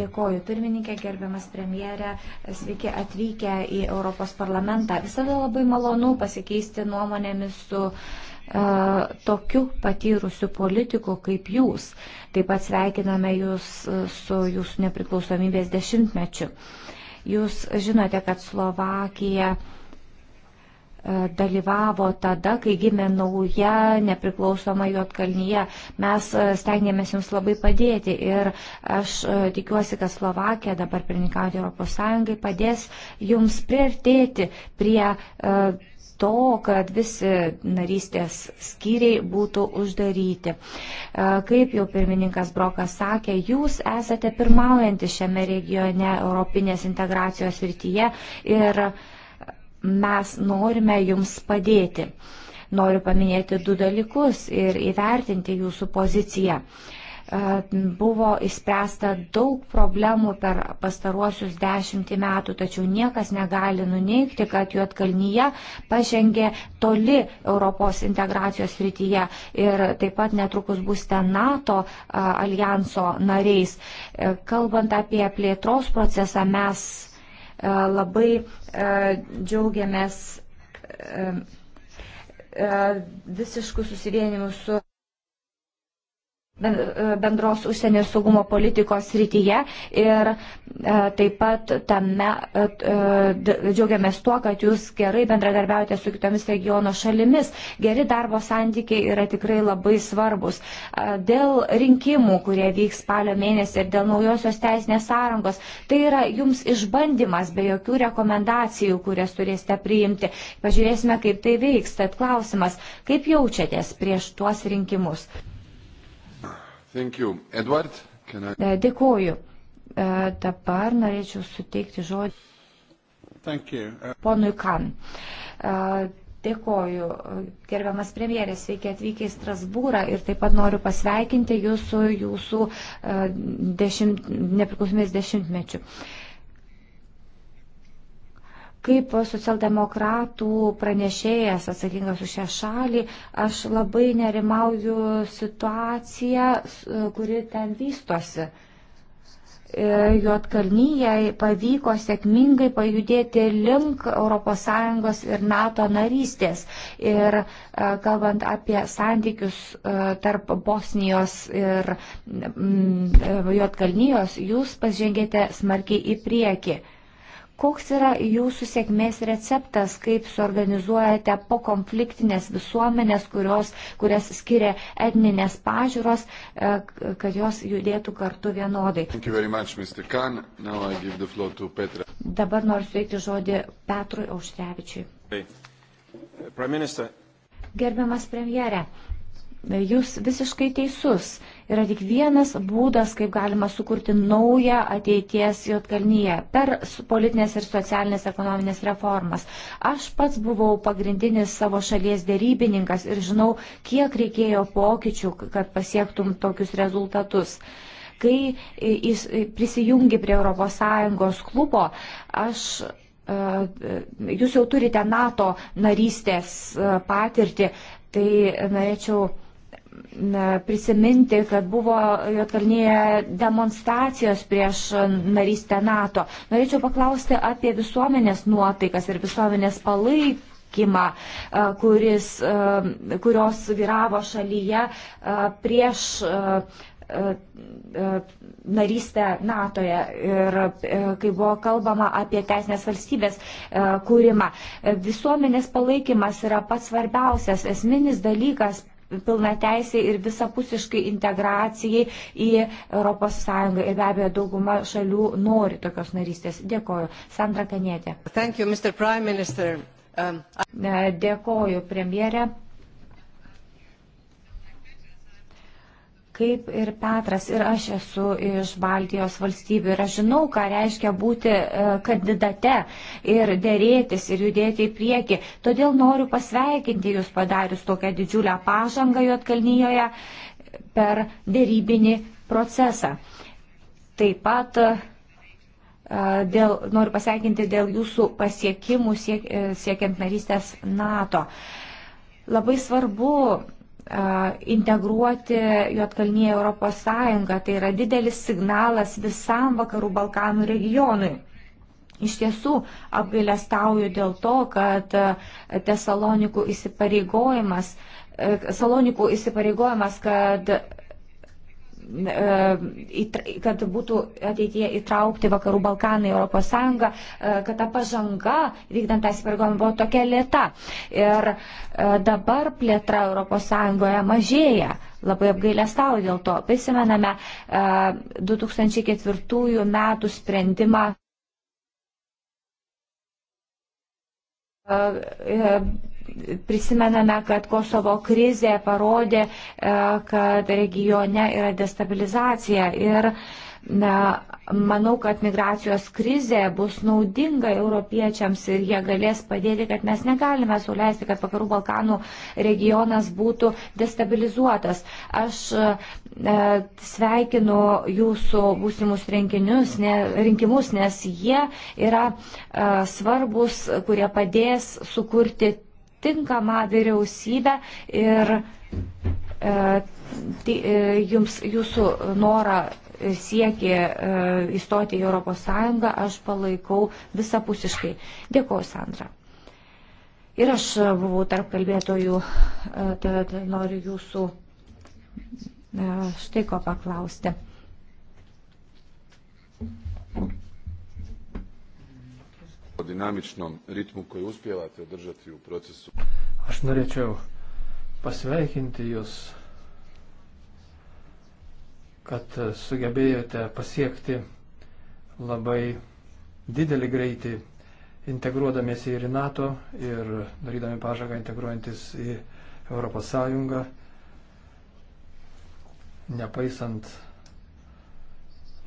Dėkoju pirmininkė, gerbiamas premjerė, sveiki atvykę į Europos parlamentą. Visada labai malonu pasikeisti nuomonėmis su e, tokiu patyrusiu politiku kaip jūs. Taip pat sveikiname jūs uh, su jūsų nepriklausomybės dešimtmečiu. Jūs žinote, kad Slovakija e, dalyvavo tada, kai gimė nauja nepriklausoma Juotkalnyje. Mes e, stengiamės jums labai padėti ir aš e, tikiuosi, kad Slovakija dabar pirmininkauti Europos Sąjungai padės jums priartėti prie e, to, kad visi narystės skyriai būtų uždaryti. Kaip jau pirmininkas Brokas sakė, jūs esate pirmaujanti šiame regione Europinės integracijos rytyje ir uh, mes norime jums padėti. Noriu paminėti du dalykus ir įvertinti jūsų poziciją. E, buvo įspręsta daug problemų per pastaruosius dešimtį metų, tačiau niekas negali nuneikti, kad Juotkalnyje pažengė toli Europos integracijos rytyje ir taip pat netrukus būsite NATO e, alijanso nariais. E, kalbant apie plėtros procesą, mes E, labai e, džiaugiamės e, visiškų susivienimų su bendros užsienio ir saugumo politikos rytyje ir e, taip pat tame e, e, džiaugiamės tuo, kad jūs gerai bendradarbiaujate su kitomis regiono šalimis. Geri darbo santykiai yra tikrai labai svarbus. Dėl rinkimų, kurie vyks spalio mėnesį ir dėl naujosios teisinės sąrangos, tai yra jums išbandymas be jokių rekomendacijų, kurias turėsite priimti. Pažiūrėsime, kaip tai veiks. Tad klausimas, kaip jaučiatės prieš tuos rinkimus? Edward, I... E, Dėkuoju. E, dabar norėčiau suteikti žodį uh... ponui Kan. Dėkoju, gerbiamas premjerė, sveiki atvykę į Strasbūrą ir taip pat noriu pasveikinti jūsų, jūsų dešimt, nepriklausomės dešimtmečių. Uh, Kaip socialdemokratų pranešėjas atsakingas už šią šalį, aš labai nerimauju situaciją, kuri ten vystosi. E, Juotkalnyjai pavyko sėkmingai pajudėti link ES ir NATO narystės. Ir e, kalbant apie santykius e, tarp Bosnijos ir Juotkalnyjos, jūs pažengėte smarkiai į priekį. Koks yra jūsų sėkmės receptas, kaip suorganizuojate pokonfliktinės visuomenės, kurios, kurias skiria etninės pažiūros, e, kad jos judėtų kartu vienodai? Much, Dabar noriu suteikti žodį Petrui Auštrevičiui. Hey. Gerbiamas premjere, jūs visiškai teisus. Yra tik vienas būdas, kaip galima sukurti naują ateities Jotkalnyje per politinės ir socialinės ekonominės reformas. Aš pats buvau pagrindinis savo šalies dėrybininkas ir žinau, kiek reikėjo pokyčių, kad pasiektum tokius rezultatus. Kai prisijungi prie ES klubo, aš e, e, jūs jau turite NATO narystės e, patirtį, tai norėčiau na, prisiminti, kad buvo Jotkalnyje demonstracijos prieš narystę NATO. Norėčiau paklausti apie visuomenės nuotaikas ir visuomenės palaikymą, kuris, kurios vyravo šalyje prieš narystę NATOje ir kai buvo kalbama apie teisinės valstybės kūrimą. Visuomenės palaikymas yra pats svarbiausias esminis dalykas pilna teisė ir visapusiškai integracijai į ES. Ir be abejo, dauguma šalių nori tokios narystės. Dėkoju. Sandra Kanietė. Thank you, Mr. Prime Minister. Um, I... Dėkoju, premjerė. kaip ir Petras, ir aš esu iš Baltijos valstybių ir aš žinau, ką reiškia būti e, kandidate ir dėrėtis ir judėti į priekį. Todėl noriu pasveikinti Jūs padarius tokią didžiulę pažangą Juotkalnyjoje per dėrybinį procesą. Taip pat e, dėl, noriu pasveikinti dėl Jūsų pasiekimų siek, e, siekiant narystės NATO. Labai svarbu integruoti Juotkalnyje Europos Sąjungą. Tai yra didelis signalas visam Vakarų Balkanų regionui. Iš tiesų apgailestauju dėl to, kad Tesalonikų įsipareigojimas, Salonikų įsipareigojimas, kad E, e, kad būtų ateityje įtraukti Vakarų Balkanai Europos Sąjungą, e, kad ta pažanga vykdant tą įsipareigojimą buvo tokia lėta. Ir dabar plėtra Europos Sąjungoje mažėja. Labai apgailę savo dėl to. Prisimename 2004 metų sprendimą prisimename, kad Kosovo krizė parodė, e, kad regione yra destabilizacija. Ir Na, manau, kad migracijos krizė bus naudinga europiečiams ir jie galės padėti, kad mes negalime suleisti, kad vakarų Balkanų regionas būtų destabilizuotas. Aš e, sveikinu jūsų būsimus rinkinius, ne, rinkimus, nes jie yra e, svarbus, kurie padės sukurti tinkamą vyriausybę ir e, tai, e, jums, jūsų norą siekė e, įstoti į Europos Sąjungą, aš palaikau visapusiškai. Dėkuoju, Sandra. Ir aš buvau tarp kalbėtojų, tad tai noriu jūsų štai ko paklausti dinamičnom ritmu koji uspijevate održati u procesu. Aš norėčiau pasveikinti Jūs, kad sugebėjote pasiekti labai didelį greitį integruodamiesi ir į NATO, ir darydami pažangą integruojantis į Europos Sąjungą, nepaisant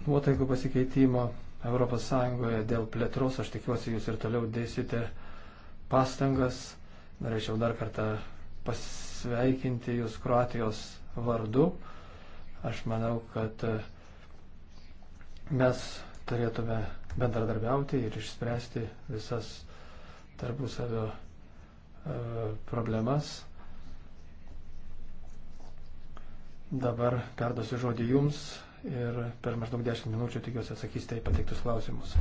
nuotaikų pasikeitimo, ES dėl plėtros. Aš tikiuosi, jūs ir toliau dėsite pastangas. Norėčiau dar kartą pasveikinti jūs Kroatijos vardu. Aš manau, kad e, mes turėtume bendradarbiauti ir išspręsti visas tarpusavio e, problemas. Dabar perduosiu žodį jums, ir per maždaug 10 minučių tikiuosi atsakysite į pateiktus klausimus.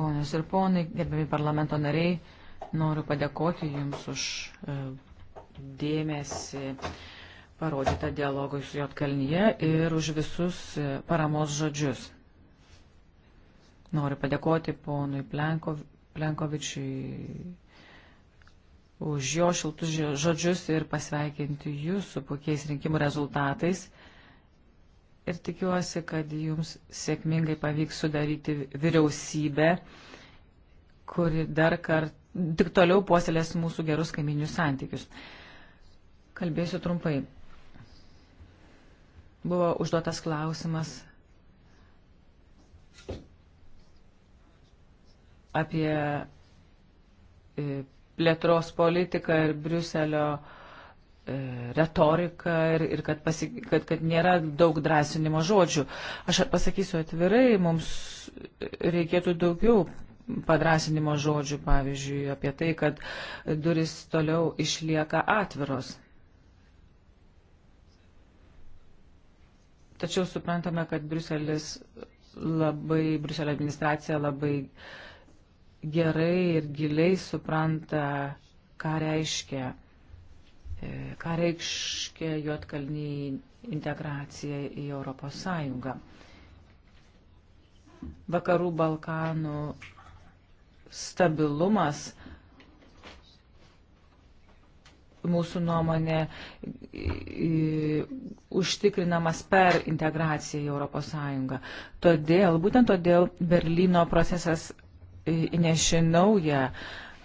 Ponios ir ponai, gerbiami parlamento nariai, noriu padėkoti Jums už e, dėmesį parodytą dialogui su Jotkalnyje ir už visus e, paramos žodžius. Noriu padėkoti ponui Plenko, Plenkovičiui už jo šiltus žodžius ir pasveikinti jūs su puikiais rinkimų rezultatais. Ir tikiuosi, kad jums sėkmingai pavyks sudaryti vyriausybę, kuri dar kartą tik toliau puoselės mūsų gerus kaiminius santykius. Kalbėsiu trumpai. Buvo užduotas klausimas apie e, plėtros politika ir Briuselio e, retorika ir, ir kad, pasi, kad, kad nėra daug drąsinimo žodžių. Aš pasakysiu atvirai, mums reikėtų daugiau padrasinimo žodžių, pavyzdžiui, apie tai, kad duris toliau išlieka atviros. Tačiau suprantame, kad Bruselis labai, Bruselio administracija labai uh, gerai ir giliai supranta, ką reiškia, e, ką reiškia juotkalnyje integracija į Europos Sąjungą. Vakarų Balkanų stabilumas mūsų nuomonė užtikrinamas per integraciją į Europos Sąjungą. Todėl, būtent todėl Berlyno procesas įneši naują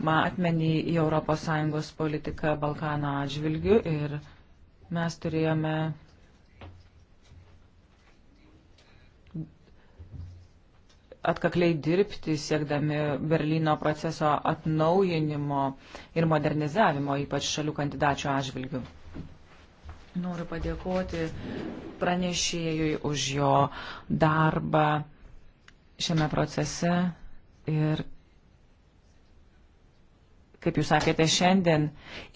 matmenį į ES politiką Balkano atžvilgių ir mes turėjome atkakliai dirbti siekdami Berlyno proceso atnaujinimo ir modernizavimo, ypač šalių kandidačių atžvilgių. Noriu padėkoti pranešėjui už jo darbą šiame procese Ir, kaip jūs sakėte, šiandien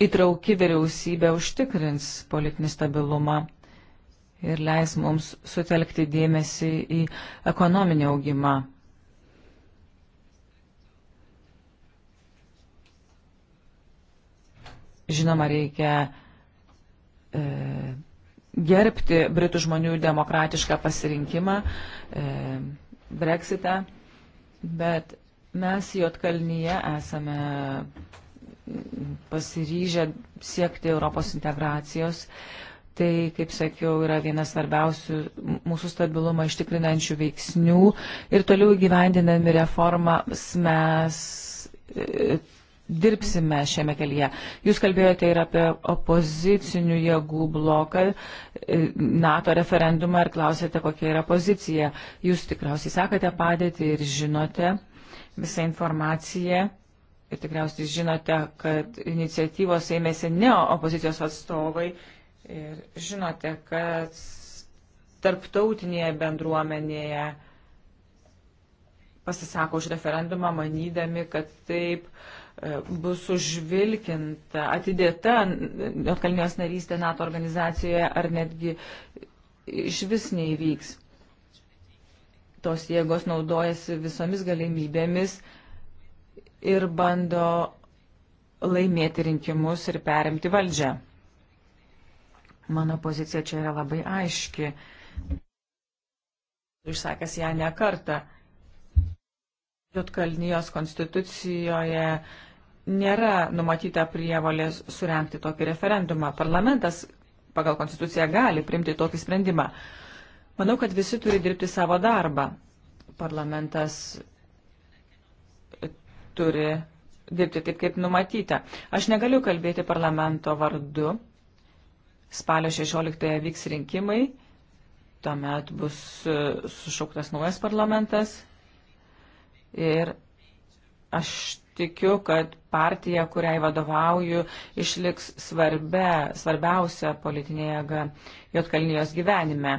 įtrauki vyriausybė užtikrins politinį stabilumą ir leis mums sutelkti dėmesį į ekonominį augimą. Žinoma, reikia e, gerbti Britų žmonių demokratišką pasirinkimą, e, Brexitą, bet Mes Jotkalnyje esame pasiryžę siekti Europos integracijos. Tai, kaip sakiau, yra vienas svarbiausių mūsų stabilumą ištikrinančių veiksnių. Ir toliau gyvendinami reformas mes e, dirbsime šiame kelyje. Jūs kalbėjote ir apie opozicinių jėgų bloką, e, NATO referendumą ir klausėte, kokia yra pozicija. Jūs tikriausiai sekate padėtį ir žinote, visą informaciją. Ir tikriausiai žinote, kad iniciatyvos ėmėsi ne opozicijos atstovai. Ir žinote, kad tarptautinėje bendruomenėje pasisako už referendumą, manydami, kad taip e, bus užvilkinta, atidėta Jotkalnijos narystė NATO organizacijoje ar netgi iš vis neįvyks tos jėgos naudojasi visomis galimybėmis ir bando laimėti rinkimus ir perimti valdžią. Mano pozicija čia yra labai aiški. Išsakęs ją ne kartą. Jotkalnyjos konstitucijoje nėra numatyta prievalės surenkti tokį referendumą. Parlamentas pagal konstituciją gali primti tokį sprendimą. Manau, kad visi turi dirbti savo darbą. Parlamentas turi dirbti taip, kaip numatyta. Aš negaliu kalbėti parlamento vardu. Spalio 16 vyks rinkimai, tuomet bus e, sušauktas naujas parlamentas ir aš tikiu, kad partija, kuriai vadovauju, išliks svarbia, svarbiausia politinė jėga Jotkalnijos gyvenime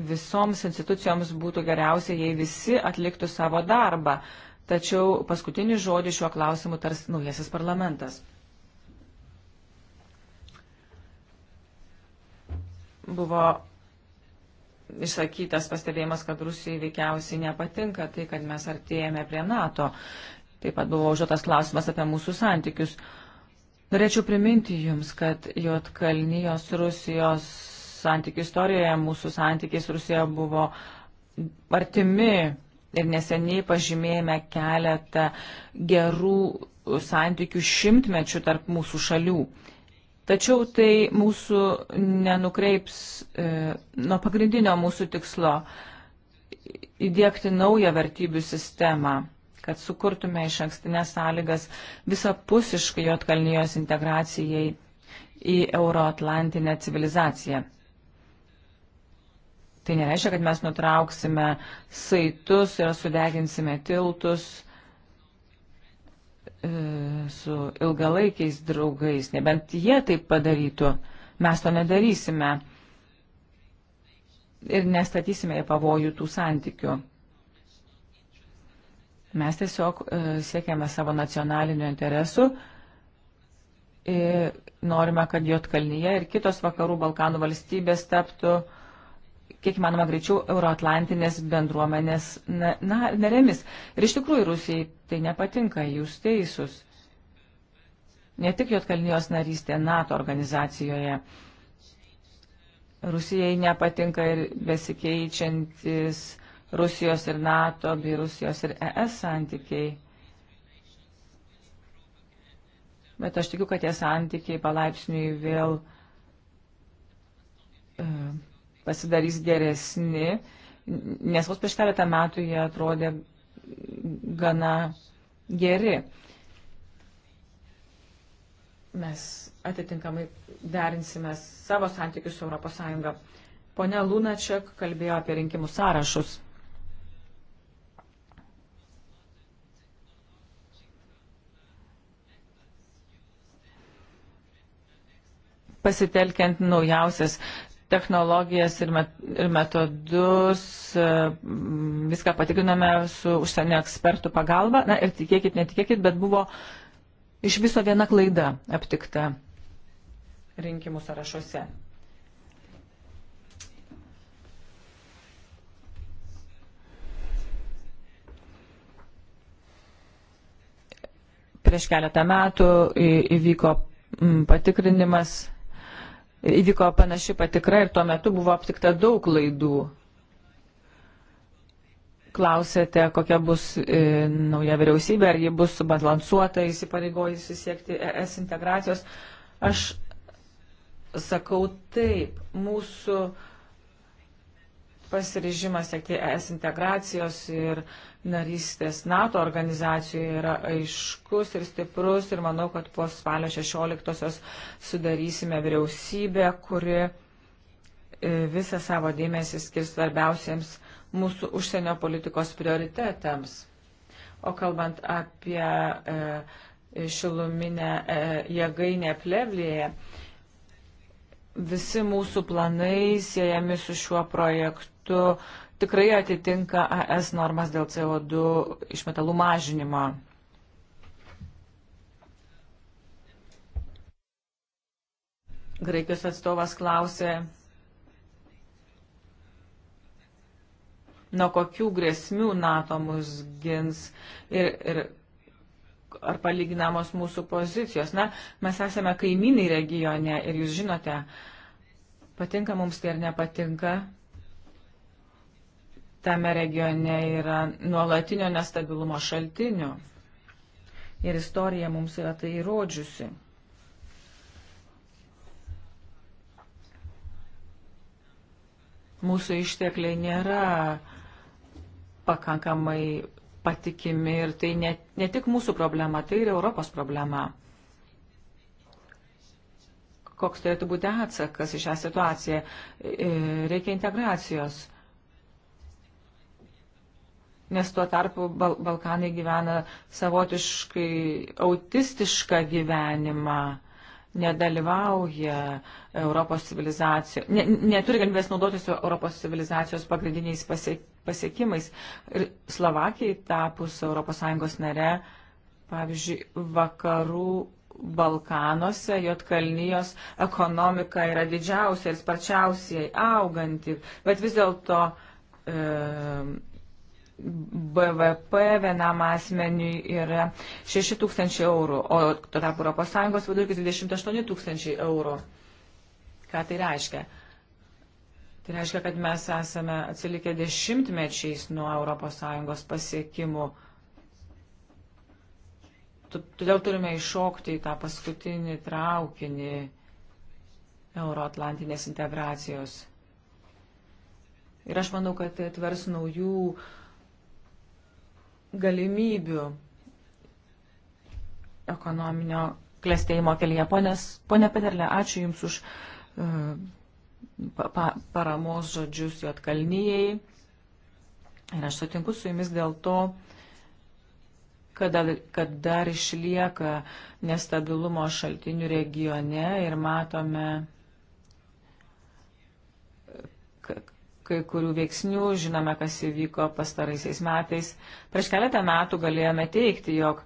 visoms institucijoms būtų geriausia, jei visi atliktų savo darbą. Tačiau paskutinį žodį šiuo klausimu tars naujasis parlamentas. Buvo išsakytas pastebėjimas, kad Rusijai veikiausiai nepatinka tai, kad mes artėjame prie NATO. Taip pat buvo užduotas klausimas apie mūsų santykius. Norėčiau priminti Jums, kad Jotkalnijos Rusijos santykių istorijoje mūsų santykiai su Rusija buvo artimi ir neseniai pažymėjome keletą gerų santykių šimtmečių tarp mūsų šalių. Tačiau tai mūsų nenukreips e, nuo pagrindinio mūsų tikslo įdėkti naują vertybių sistemą, kad sukurtume iš ankstinės sąlygas visapusiškai Jotkalnijos integracijai į euroatlantinę civilizaciją. Tai nereiškia, kad mes nutrauksime saitus ir sudeginsime tiltus e, su ilgalaikiais draugais, nebent jie taip padarytų, mes to nedarysime ir nestatysime į pavojų tų santykių. Mes tiesiog e, siekiame savo nacionalinių interesų ir norime, kad Jotkalnyje ir kitos vakarų Balkanų valstybės taptų uh, kiek įmanoma greičiau euroatlantinės bendruomenės na, na, narėmis. Ir iš tikrųjų Rusijai tai nepatinka, jūs teisūs. Ne tik Jotkalnijos narystė NATO organizacijoje. Rusijai nepatinka ir besikeičiantis Rusijos ir NATO bei Rusijos ir ES santykiai. Bet aš tikiu, kad tie santykiai palaipsniui vėl. Uh, e, pasidarys geresni, nes vos prieš keletą metų jie atrodė gana geri. Mes atitinkamai derinsime savo santykius su ES. Pone Lunačiak kalbėjo apie rinkimų sąrašus. pasitelkiant naujausias technologijas ir, met, ir metodus, e, viską patikrinome su užsienio ekspertų pagalba. Na ir tikėkit, netikėkit, bet buvo iš viso viena klaida aptikta rinkimų sąrašuose. Prieš keletą metų įvyko patikrinimas įvyko panaši patikra ir tuo metu buvo aptikta daug klaidų. Klausėte, kokia bus e, nauja vyriausybė, ar ji bus subalansuota, įsipareigojusi siekti ES integracijos. Aš sakau taip, mūsų e, pasirižimas siekti ES integracijos ir narystės NATO organizacijoje yra aiškus ir stiprus ir manau, kad po spalio 16-osios sudarysime vyriausybę, kuri e, visą savo dėmesį skirs svarbiausiems mūsų užsienio politikos prioritetams. O kalbant apie e, šiluminę e, jėgainę plevlėje, e, visi mūsų planai siejami su šiuo projektu tikrai atitinka AS normas dėl CO2 išmetalų mažinimo. Graikijos atstovas klausė, nuo kokių grėsmių NATO mus gins ir, ir ar palyginamos mūsų pozicijos. Na, mes esame kaimynai regione ir jūs žinote, patinka mums tai ar nepatinka. Tame regione yra nuolatinio nestabilumo šaltinių. Ir istorija mums yra tai įrodžiusi. Mūsų ištekliai nėra pakankamai patikimi ir tai ne, ne tik mūsų problema, tai ir Europos problema. Koks turėtų būti atsakas į šią situaciją? E, reikia integracijos. Nes tuo tarpu Bal Balkanai gyvena savotiškai autistišką gyvenimą nedalyvauja Europos civilizacijos, ne, neturi galimybės naudotis Europos civilizacijos pagrindiniais pasiek, pasiekimais. Ir Slovakijai tapus ES nare, pavyzdžiui, vakarų Balkanuose, Jotkalnyjos ekonomika yra didžiausia ir sparčiausiai auganti, bet vis dėlto e, BVP vienam asmeniui yra 6 tūkstančiai eurų, o tuo tarpu ES vidurkis 28 tūkstančiai eurų. Ką tai reiškia? Tai reiškia, kad mes esame atsilikę dešimtmečiais nuo ES pasiekimų. Todėl turime iššokti į tą paskutinį traukinį euroatlantinės integracijos. Ir aš manau, kad tai atvers naujų galimybių ekonominio klėstėjimo kelyje. Ponės, ponė Peterle, ačiū Jums už. Uh, pa, paramos žodžius Jotkalnyjei. Ir aš sutinku su jumis dėl to, kad dar, kad dar išlieka nestabilumo šaltinių regione ir matome kai kurių veiksnių, žinome, kas įvyko pastaraisiais metais. Prieš keletą metų galėjome teikti, jog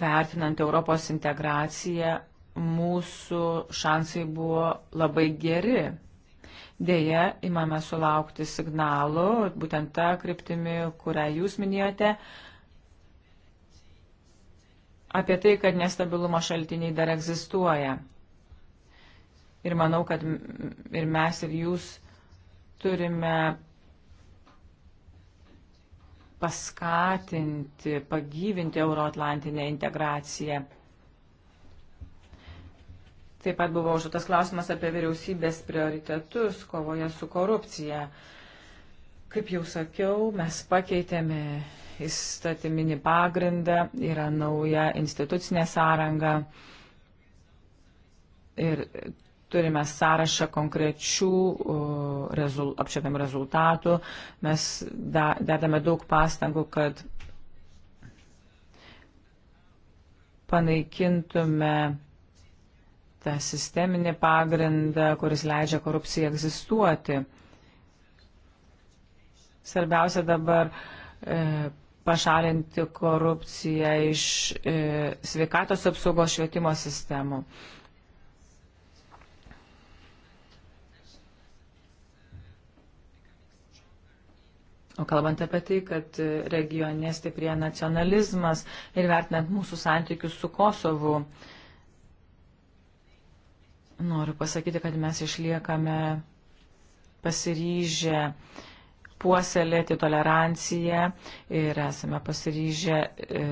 vertinant Europos integraciją mūsų šansai buvo labai geri. Deja, imame sulaukti signalų, būtent tą kryptimį, kurią jūs minėjote, apie tai, kad nestabilumo šaltiniai dar egzistuoja. Ir manau, kad ir mes, ir jūs turime paskatinti, pagyvinti euroatlantinę integraciją Taip pat buvo užduotas klausimas apie vyriausybės prioritetus kovoje su korupcija. Kaip jau sakiau, mes pakeitėme įstatyminį pagrindą, yra nauja institucinė sąranga ir turime sąrašą konkrečių rezul, apčiopiam rezultatų. Mes da, dedame daug pastangų, kad panaikintume tą sisteminį pagrindą, kuris leidžia korupcijai egzistuoti. Svarbiausia dabar e, pašalinti korupciją iš e, sveikatos apsaugos švietimo sistemų. O kalbant apie tai, kad regione stiprėja nacionalizmas ir vertinant mūsų santykius su Kosovu, e, Noriu pasakyti, kad mes išliekame pasiryžę puoselėti toleranciją ir esame pasiryžę e,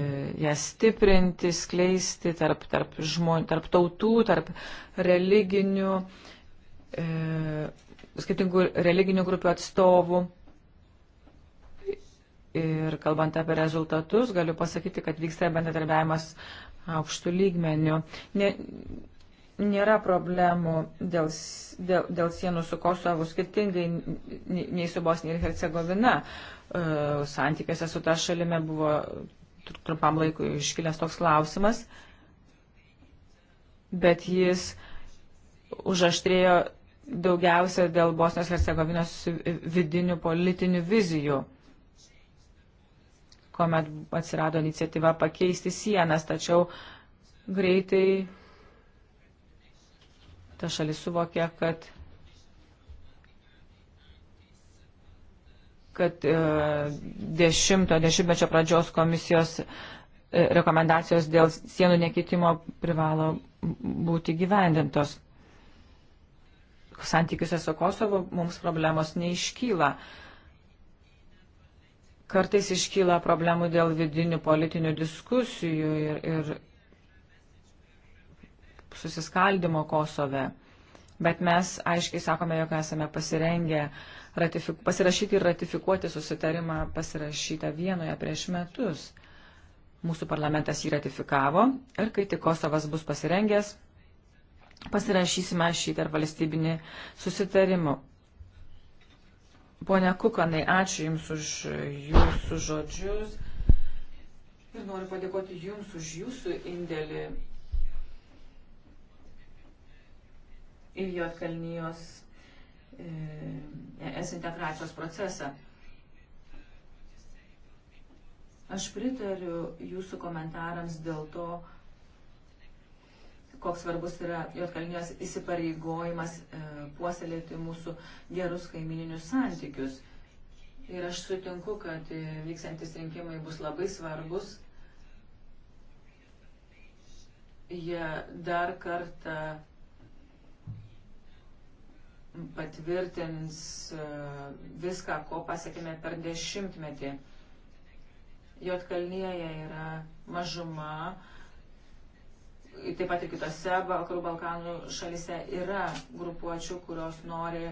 ją stiprinti, skleisti tarp, tarp, žmon, tarp tautų, tarp religinių, e, skirtingų religinių grupių atstovų. Ir kalbant apie rezultatus, galiu pasakyti, kad vyksta bendradarbiavimas aukštų lygmenių. Ne, nėra problemų dėl, dėl, dėl sienų su Kosovu, skirtingai nei su Bosnija ir Hercegovina. E, santykiuose su ta šalime buvo trumpam laikui iškilęs toks klausimas, bet jis užaštrėjo daugiausia dėl Bosnijos Hercegovinos vidinių politinių vizijų kuomet atsirado iniciatyva pakeisti sienas, tačiau greitai ta šalis suvokia, kad, kad e, dešimto dešimtmečio pradžios komisijos e, rekomendacijos dėl sienų nekitimo privalo būti gyvendintos. Santykiuose su Kosovo mums problemos neiškyla. Kartais iškyla problemų dėl vidinių politinių diskusijų ir, ir susiskaldimo Kosove. Bet mes aiškiai sakome, jog esame pasirengę ratifik, pasirašyti ir ratifikuoti susitarimą pasirašytą vienoje prieš metus. Mūsų parlamentas jį ratifikavo ir kai tik Kosovas bus pasirengęs, pasirašysime šį tarp valstybinį susitarimą. Pone Kukanai, ačiū Jums už Jūsų žodžius ir noriu padėkoti Jums už Jūsų indėlį ir Jotkalnyjos e, es integracijos procesą. Aš pritariu jūsų komentarams dėl to, koks svarbus yra Jotkalnijos įsipareigojimas e, puoselėti mūsų gerus kaimininius santykius. Ir aš sutinku, kad e, vyksantis rinkimai bus labai svarbus. Jie dar kartą patvirtins e, viską, ko pasiekėme per dešimtmetį. Jotkalnyje yra mažuma, taip pat ir kitose Vakarų Balkanų šalise yra grupuočių, kurios nori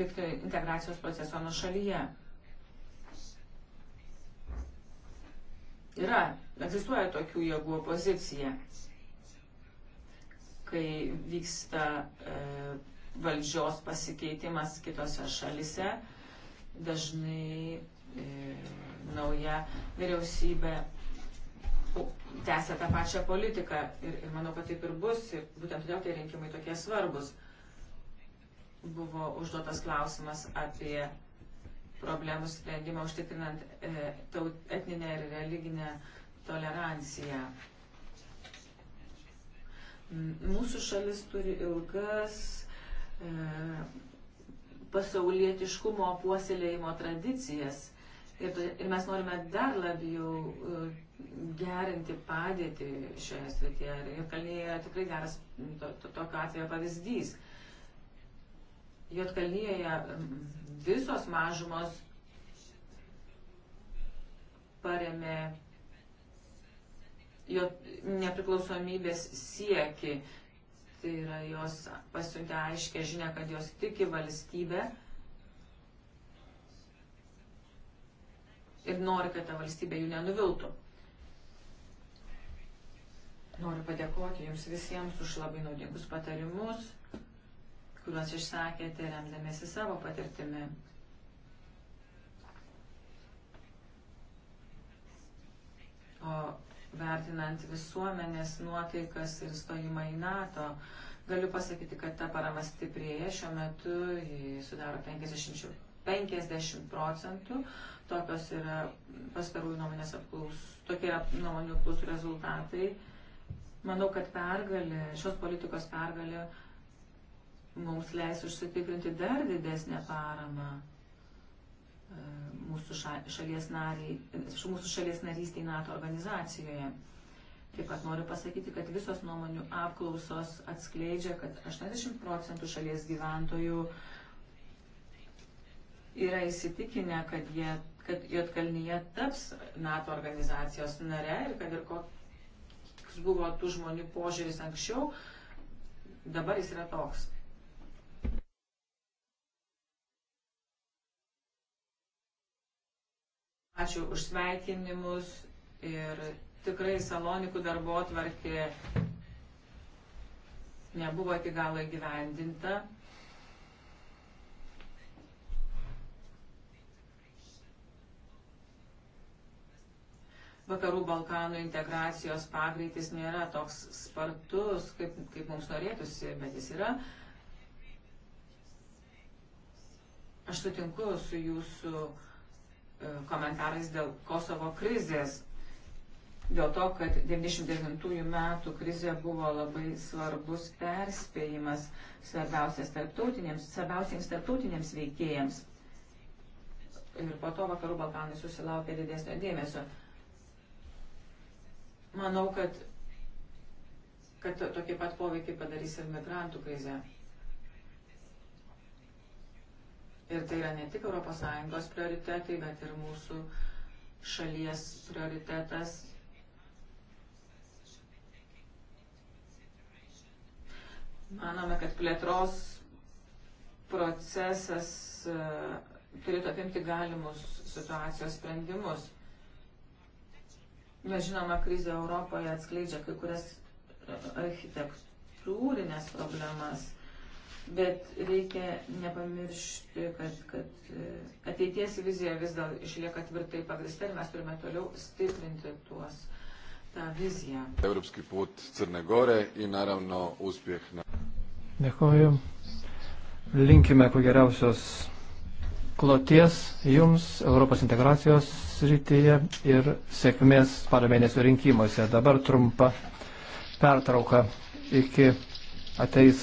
likti integracijos proceso nuo šalyje. Yra, egzistuoja tokių jėgų opozicija kai vyksta e, valdžios pasikeitimas kitose šalise, dažnai e, nauja vyriausybė tęsia tą pačią politiką ir, ir manau, kad taip ir bus ir būtent todėl tie rinkimai tokie svarbus. Buvo užduotas klausimas apie problemų sprendimą užtikrinant e, taut, etninę ir religinę toleranciją. Mūsų šalis turi ilgas e, pasaulietiškumo puoselėjimo tradicijas ir, ir mes norime dar labiau e, gerinti padėtį šioje srityje. Ir Kalnyje yra tikrai geras to, to, tokio atvejo pavyzdys. Jotkalnyje visos mažumos paremė jo nepriklausomybės sieki. Tai yra jos pasiuntė aiškę žinę, kad jos tiki valstybę ir nori, kad ta valstybė jų nenuviltų. Noriu padėkoti Jums visiems už labai naudingus patarimus, kuriuos išsakėte remdamėsi savo patirtimi. O vertinant visuomenės nuotaikas ir stojimą į NATO. Galiu pasakyti, kad ta parama stiprėja, šiuo metu jį sudaro 50, 50 procentų, tokios yra pastarųjų nuomonės apklausų, tokie yra nuomonių apklausų rezultatai. Manau, kad pergalė, šios politikos pergalė mums leis užsitikrinti dar didesnę paramą mūsų, šalies nariai, mūsų šalies narystiai NATO organizacijoje. Taip pat noriu pasakyti, kad visos nuomonių apklausos atskleidžia, kad 80 procentų šalies gyventojų yra įsitikinę, kad, jie, kad Jotkalnyje taps NATO organizacijos nare ir kad ir koks buvo tų žmonių požiūris anksčiau, dabar jis yra toks. Ačiū už sveikinimus ir tikrai salonikų darbo atvarkė nebuvo iki galo įgyvendinta. Vakarų Balkanų integracijos pagreitis nėra toks spartus, kaip, kaip mums norėtųsi, bet jis yra. Aš sutinku su jūsų E, komentarais dėl Kosovo krizės. Dėl to, kad 99 metų krizė buvo labai svarbus perspėjimas tarptautinėms, svarbiausiams tarptautiniams veikėjams. Ir po to Vakarų Balkanai susilaukė didesnio dėmesio. Manau, kad, kad tokį pat poveikį padarys ir migrantų krizė. Ir tai yra ne tik ES prioritetai, bet ir mūsų šalies prioritetas. Manome, kad plėtros procesas e, turėtų apimti galimus situacijos sprendimus. Mes žinoma, krizė Europoje atskleidžia kai kurias architektūrinės problemas bet reikia nepamiršti, kad, kad e, ateities vizija vis dar išlieka tvirtai pagrįsta ir mes turime toliau stiprinti tuos tą viziją. Europski put Crne Gore i naravno uspjeh na. Dėkoju. Linkime kuo geriausios kloties jums Europos integracijos srityje ir sėkmės spalio mėnesio rinkimuose. Dabar trumpa pertrauka iki ateis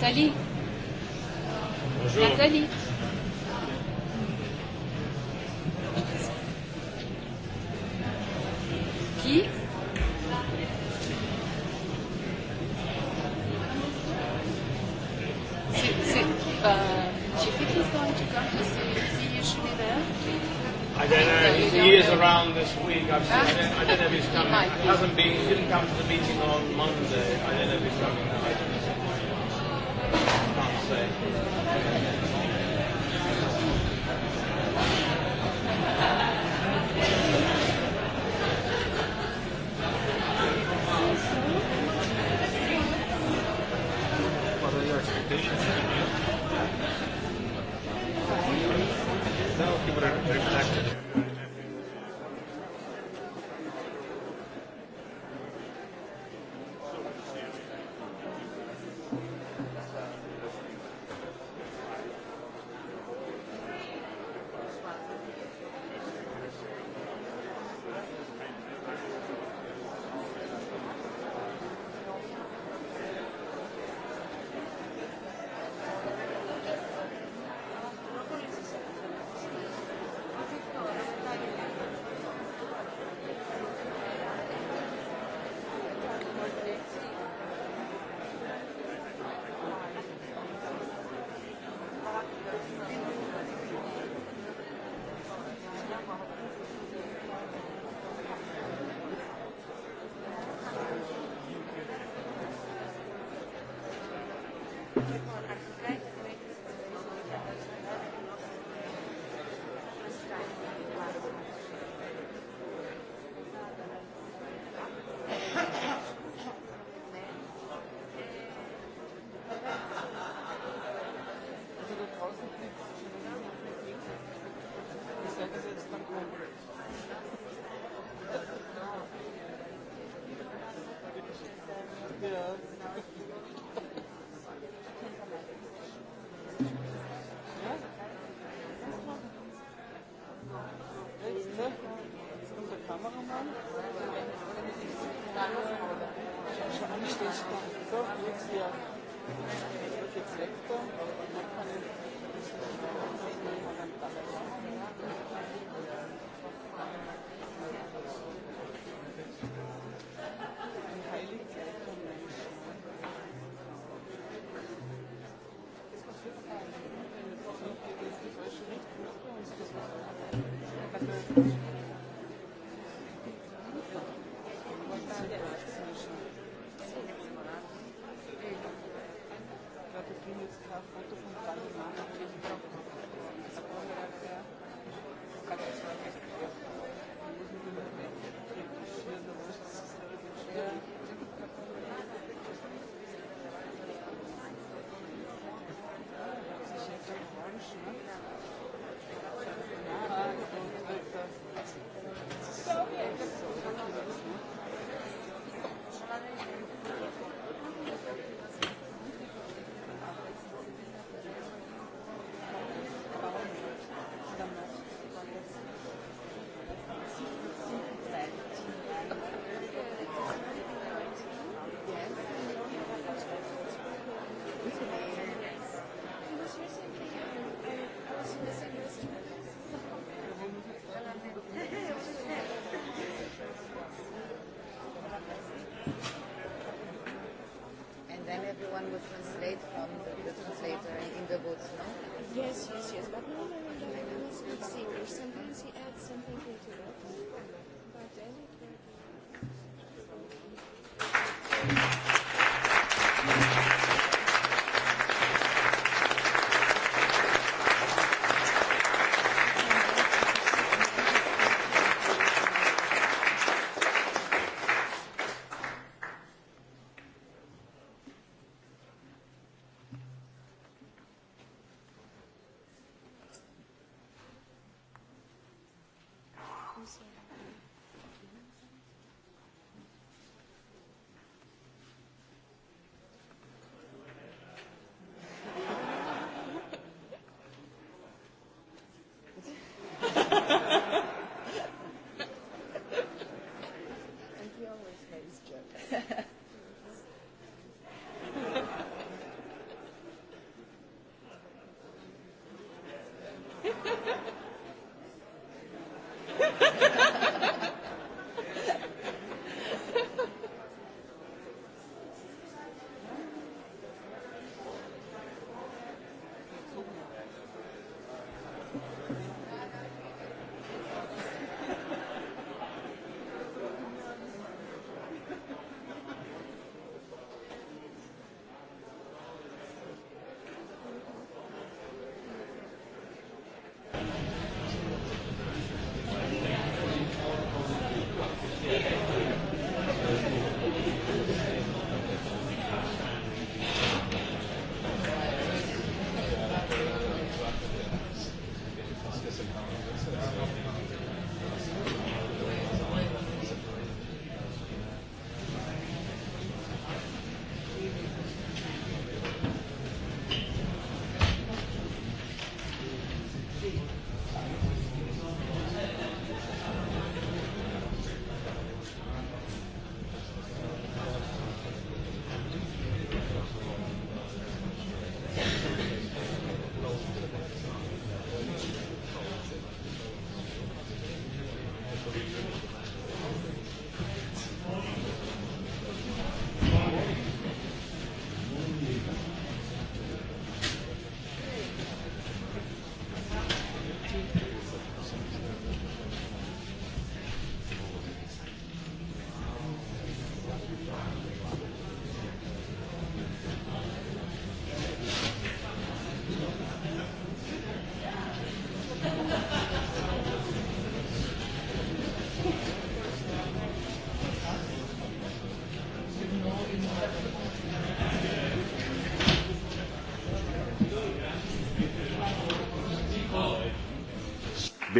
Nathalie goods, no? Yes, yes, yes. But normally the mechanism is similar. Sometimes he adds something into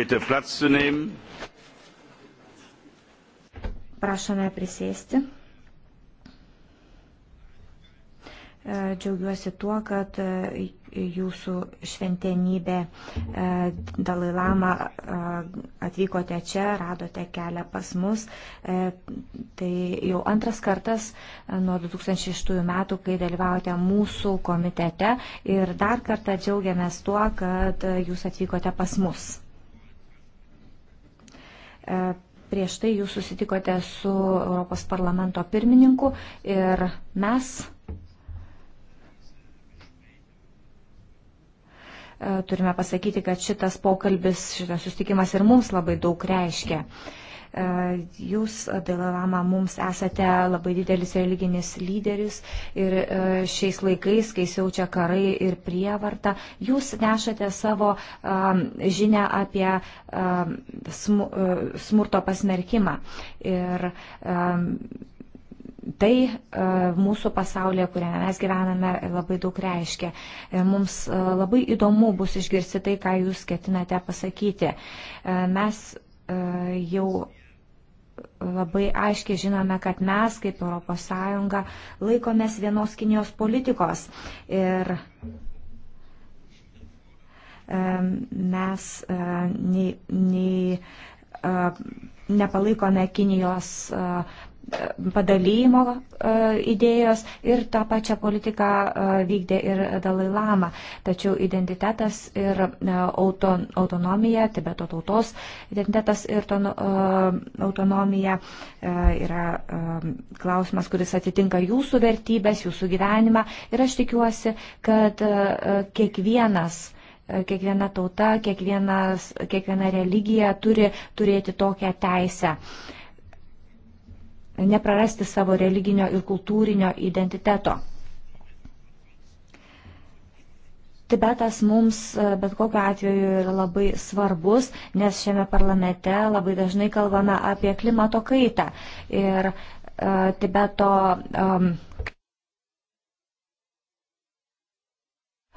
bitte Platz zu nehmen. Prašome prisėsti. E, džiaugiuosi tuo, kad e, jūsų šventenybė e, Dalai Lama atvykote čia, radote kelią pas mus. Tai jau antras kartas nuo 2006 metų, kai dalyvaujate mūsų komitete ir dar kartą džiaugiamės tuo, kad jūs atvykote pas mus. E, prieš tai jūs susitikote su Europos parlamento pirmininku ir mes e, turime pasakyti, kad šitas pokalbis, šitas susitikimas ir mums labai daug reiškia. E, jūs, Dalalama, mums esate labai didelis religinis lyderis ir e, šiais laikais, kai siaučia karai ir prievarta, jūs nešate savo e, žinę apie smurto pasmerkimą. Ir tai mūsų pasaulyje, kuriame mes gyvename, labai daug reiškia. Ir mums labai įdomu bus išgirsti tai, ką jūs ketinate pasakyti. Mes jau labai aiškiai žinome, kad mes kaip ES laikomės vienos Kinijos politikos ir e, mes e, nei, nei e, nepalaikome Kinijos padalymo e, idėjos ir tą pačią politiką e, vykdė ir Dalai Lama. Tačiau identitetas ir e, autonomija, Tibeto tautos identitetas ir autonomija yra klausimas, kuris atitinka jūsų vertybės, jūsų gyvenimą. Ir aš tikiuosi, kad kiekvienas kiekviena tauta, kiekvienas, kiekviena religija turi turėti tokią teisę. Uh, neprarasti savo religinio ir kultūrinio identiteto. Tibetas mums e, bet kokiu atveju yra labai svarbus, nes šiame parlamente labai dažnai kalbame apie klimato kaitą. Ir uh, Tibeto um,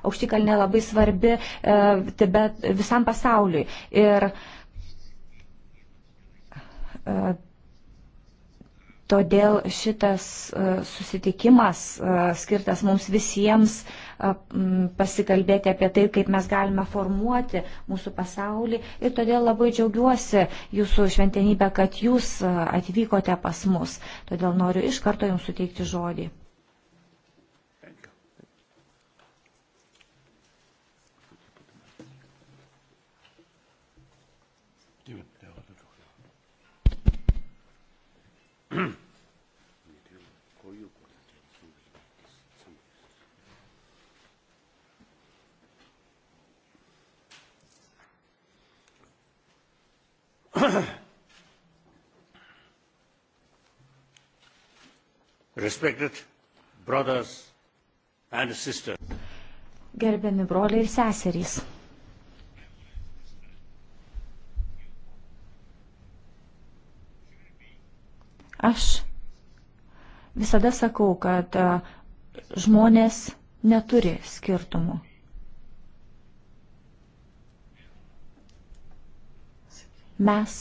aukštikalnė labai svarbi uh, Tibet, visam pasauliui. Ir uh, Todėl šitas e, susitikimas e, skirtas mums visiems e, pasikalbėti apie tai, kaip mes galime formuoti mūsų pasaulį. Ir todėl labai džiaugiuosi jūsų šventenybę, kad jūs atvykote pas mus. Todėl noriu iš karto jums suteikti žodį. Mm-hmm. Gerbiami broliai ir seserys. Aš visada sakau, kad e, žmonės neturi skirtumų. Mes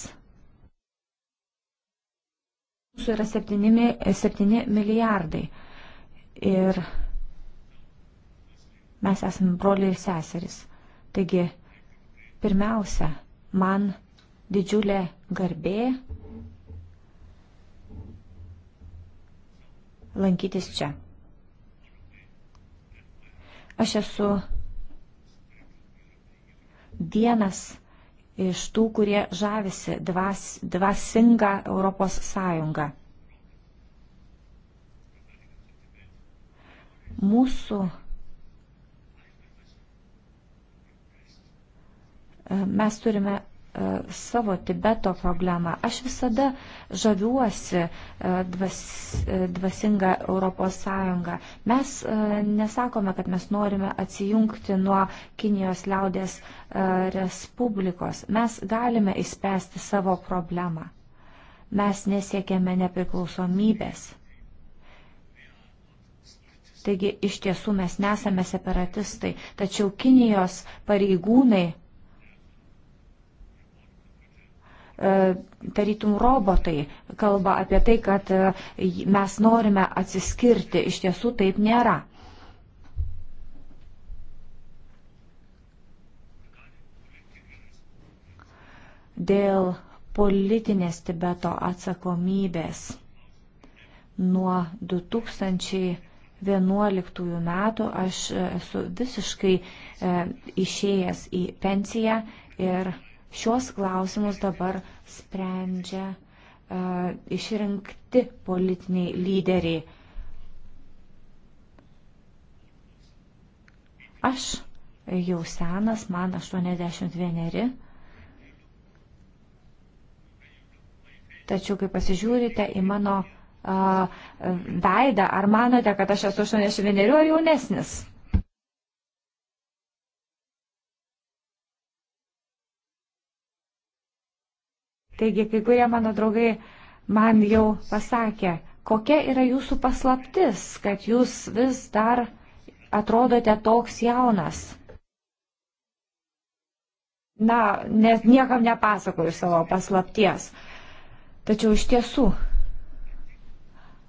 mūsų yra 7, 7 milijardai. Ir mes esame broliai ir seserys. Taigi, pirmiausia, man didžiulė garbė lankytis čia. Aš esu vienas iš tų, kurie žavisi dvas, dvasinga Europos Sąjunga. Mūsų e, mes turime E, savo Tibeto problemą. Aš visada žaviuosi e, dvas, e, dvasinga Europos Sąjunga. Mes nesakome, kad mes norime atsijungti nuo Kinijos liaudės Respublikos. Mes galime įspręsti savo problemą. Mes nesiekėme nepriklausomybės. Taigi iš tiesų mes nesame separatistai, tačiau Kinijos pareigūnai E, tarytum robotai kalba apie tai, kad e, mes norime atsiskirti. Iš tiesų taip nėra. Dėl politinės Tibeto atsakomybės nuo 2011 metų aš e, esu visiškai išėjęs į pensiją ir Šios klausimus dabar sprendžia uh, išrinkti politiniai lyderiai. Aš jau senas, man 81. Tačiau, kai pasižiūrite į mano uh, veidą, ar manote, kad aš esu 81 ar jaunesnis? Taigi, kai kurie mano draugai man jau pasakė, kokia yra jūsų paslaptis, kad jūs vis dar atrodote toks jaunas. Na, nes niekam nepasakoju savo paslapties. Tačiau iš tiesų,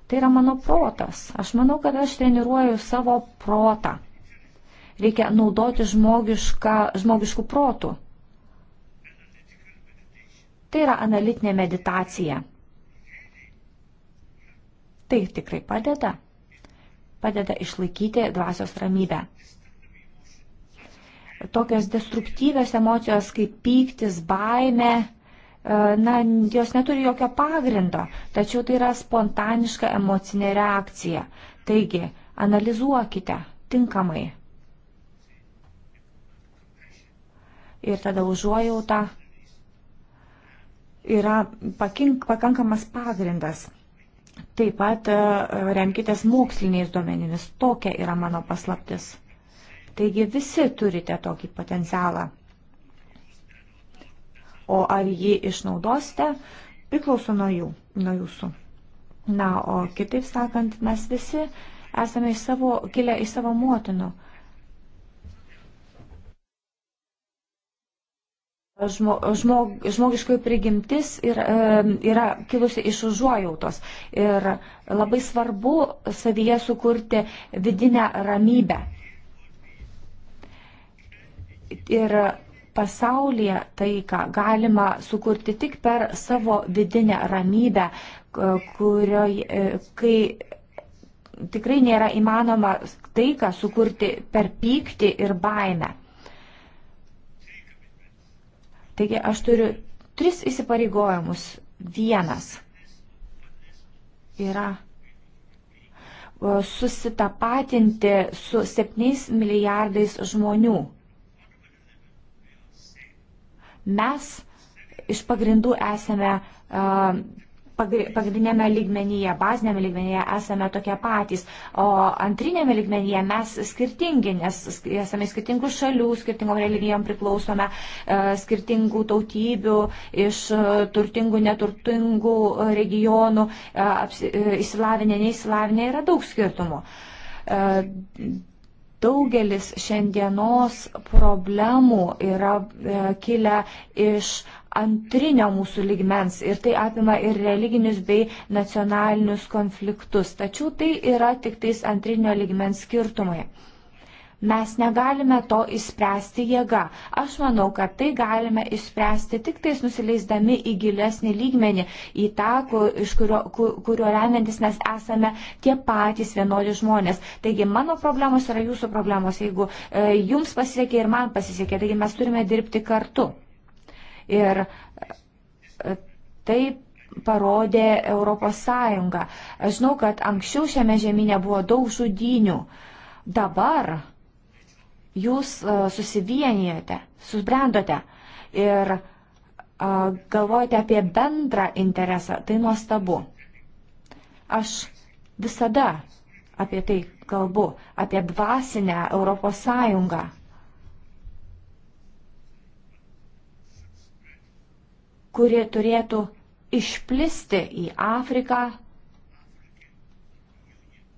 tai yra mano protas. Aš manau, kad aš treniruoju savo protą. Reikia naudoti žmogišką, žmogiškų protų. Tai yra analitinė meditacija. Tai tikrai padeda. Padeda išlaikyti dvasios ramybę. Tokios destruktyvios emocijos kaip pyktis, baime, na, jos neturi jokio pagrindo, tačiau tai yra spontaniška emocinė reakcija. Taigi, analizuokite tinkamai. Ir tada užuojautą yra pakink, pakankamas pagrindas. Taip pat e, remkitės moksliniais duomenimis. Tokia yra mano paslaptis. Taigi visi turite tokį potencialą. O ar jį išnaudosite, priklauso nuo, jų, nuo jūsų. Na, o kitaip sakant, mes visi esame iš savo, kilę iš savo motinų. žmo, žmog, žmogiškoji prigimtis yra, e, yra kilusi iš užuojautos. Ir labai svarbu savyje sukurti vidinę ramybę. Ir pasaulyje taiką galima sukurti tik per savo vidinę ramybę, kurioje, kai tikrai nėra įmanoma taiką sukurti per pyktį ir baimę. Taigi aš turiu tris įsipareigojimus. Vienas yra e, susitapatinti su 7 milijardais žmonių. Mes iš pagrindų esame uh, pagrindinėme lygmenyje, bazinėme lygmenyje esame tokie patys, o antrinėme lygmenyje mes skirtingi, nes esame skirtingų šalių, skirtingom religijom priklausome, e, skirtingų tautybių, iš e, turtingų, neturtingų e, regionų, įsilavinę, neįsilavinę yra daug skirtumų daugelis šiandienos problemų yra kilę iš antrinio mūsų ligmens ir tai apima ir religinius bei nacionalinius konfliktus. Tačiau tai yra tik tais antrinio ligmens skirtumai. Mes negalime to išspręsti jėga. Aš manau, kad tai galime išspręsti tik tais nusileisdami į gilesnį lygmenį, į tą, kur, iš kurio, kur, kurio remiantis mes esame tie patys vienodi žmonės. Taigi mano problemos yra jūsų problemos, jeigu e, jums pasisekė ir man pasisekė, taigi mes turime dirbti kartu. Ir e, tai parodė Europos Sąjunga. Aš žinau, kad anksčiau šiame žemynė buvo daug žudynių. Dabar jūs e, susivienijote, subrendote ir e, galvojate apie bendrą interesą. Tai nuostabu. Aš visada apie tai kalbu, apie dvasinę Europos Sąjungą kuri turėtų išplisti į Afriką.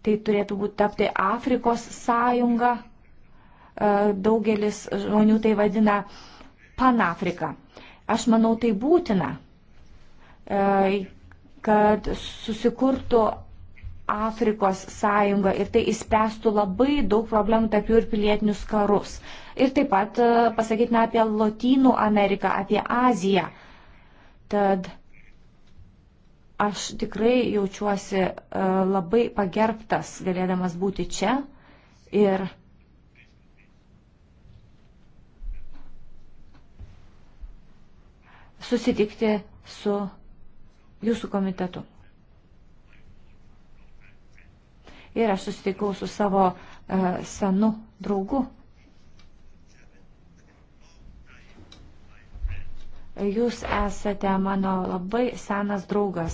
Tai turėtų būti tapti Afrikos sąjunga. E, daugelis žmonių tai vadina Panafrika. Aš manau, tai būtina, e, kad susikurtų Afrikos sąjunga ir tai įspręstų labai daug problemų tarp jų ir pilietinius karus. Ir taip pat e, pasakytume apie Lotynų Ameriką, apie Aziją. Tad aš tikrai jaučiuosi e, labai pagerbtas galėdamas būti čia ir susitikti su jūsų komitetu. Ir aš susitikau su savo uh, senu draugu Jūs esate mano labai senas draugas.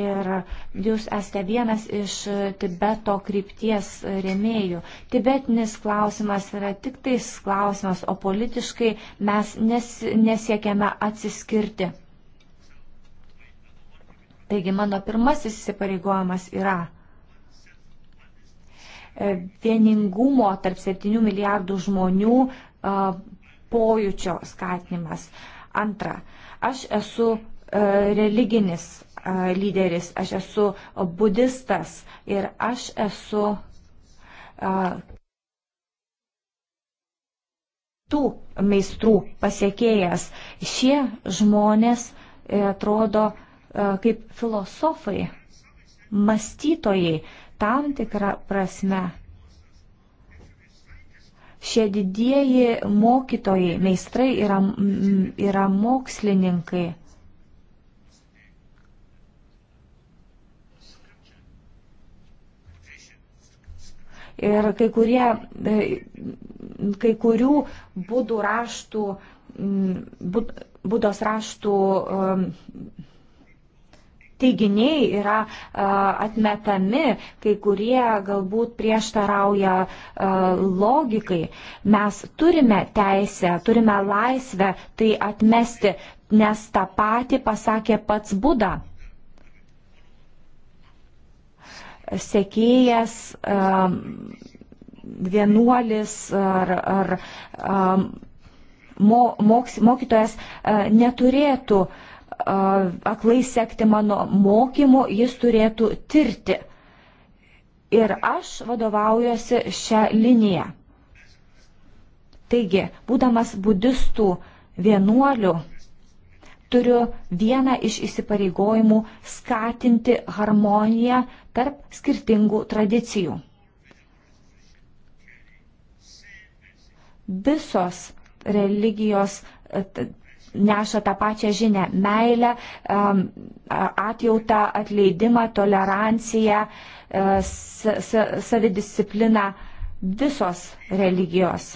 Ir jūs esate vienas iš Tibeto krypties rėmėjų. Tibetinis klausimas yra tik tais klausimas, o politiškai mes nes, nesiekiame atsiskirti. Taigi mano pirmasis įsipareigojimas yra e, vieningumo tarp 7 milijardų žmonių e, pojūčio skatinimas. Antra, aš esu e, religinis lyderis, aš esu budistas ir aš esu tų meistrų pasiekėjas. Šie žmonės atrodo E, kaip filosofai, mąstytojai, tam tikrą prasme. Šie didieji mokytojai, meistrai yra, yra mokslininkai. Ir kai, kurie, e, kai kurių būdų raštų, būdos raštų e, teiginiai yra atmetami, kai kurie galbūt prieštarauja logikai. Mes turime teisę, turime laisvę tai atmesti, nes tą patį pasakė pats Buda. Sekėjas, vienuolis ar, ar mo, moks, mokytojas neturėtų uh, aklai sekti mano mokymu, jis turėtų tirti. Ir aš vadovaujuosi šią liniją. Taigi, būdamas budistų vienuoliu, turiu vieną iš įsipareigojimų skatinti harmoniją tarp skirtingų tradicijų. Visos religijos neša tą pačią žinę - meilę, atjautą, atleidimą, toleranciją, e, savidiscipliną visos religijos.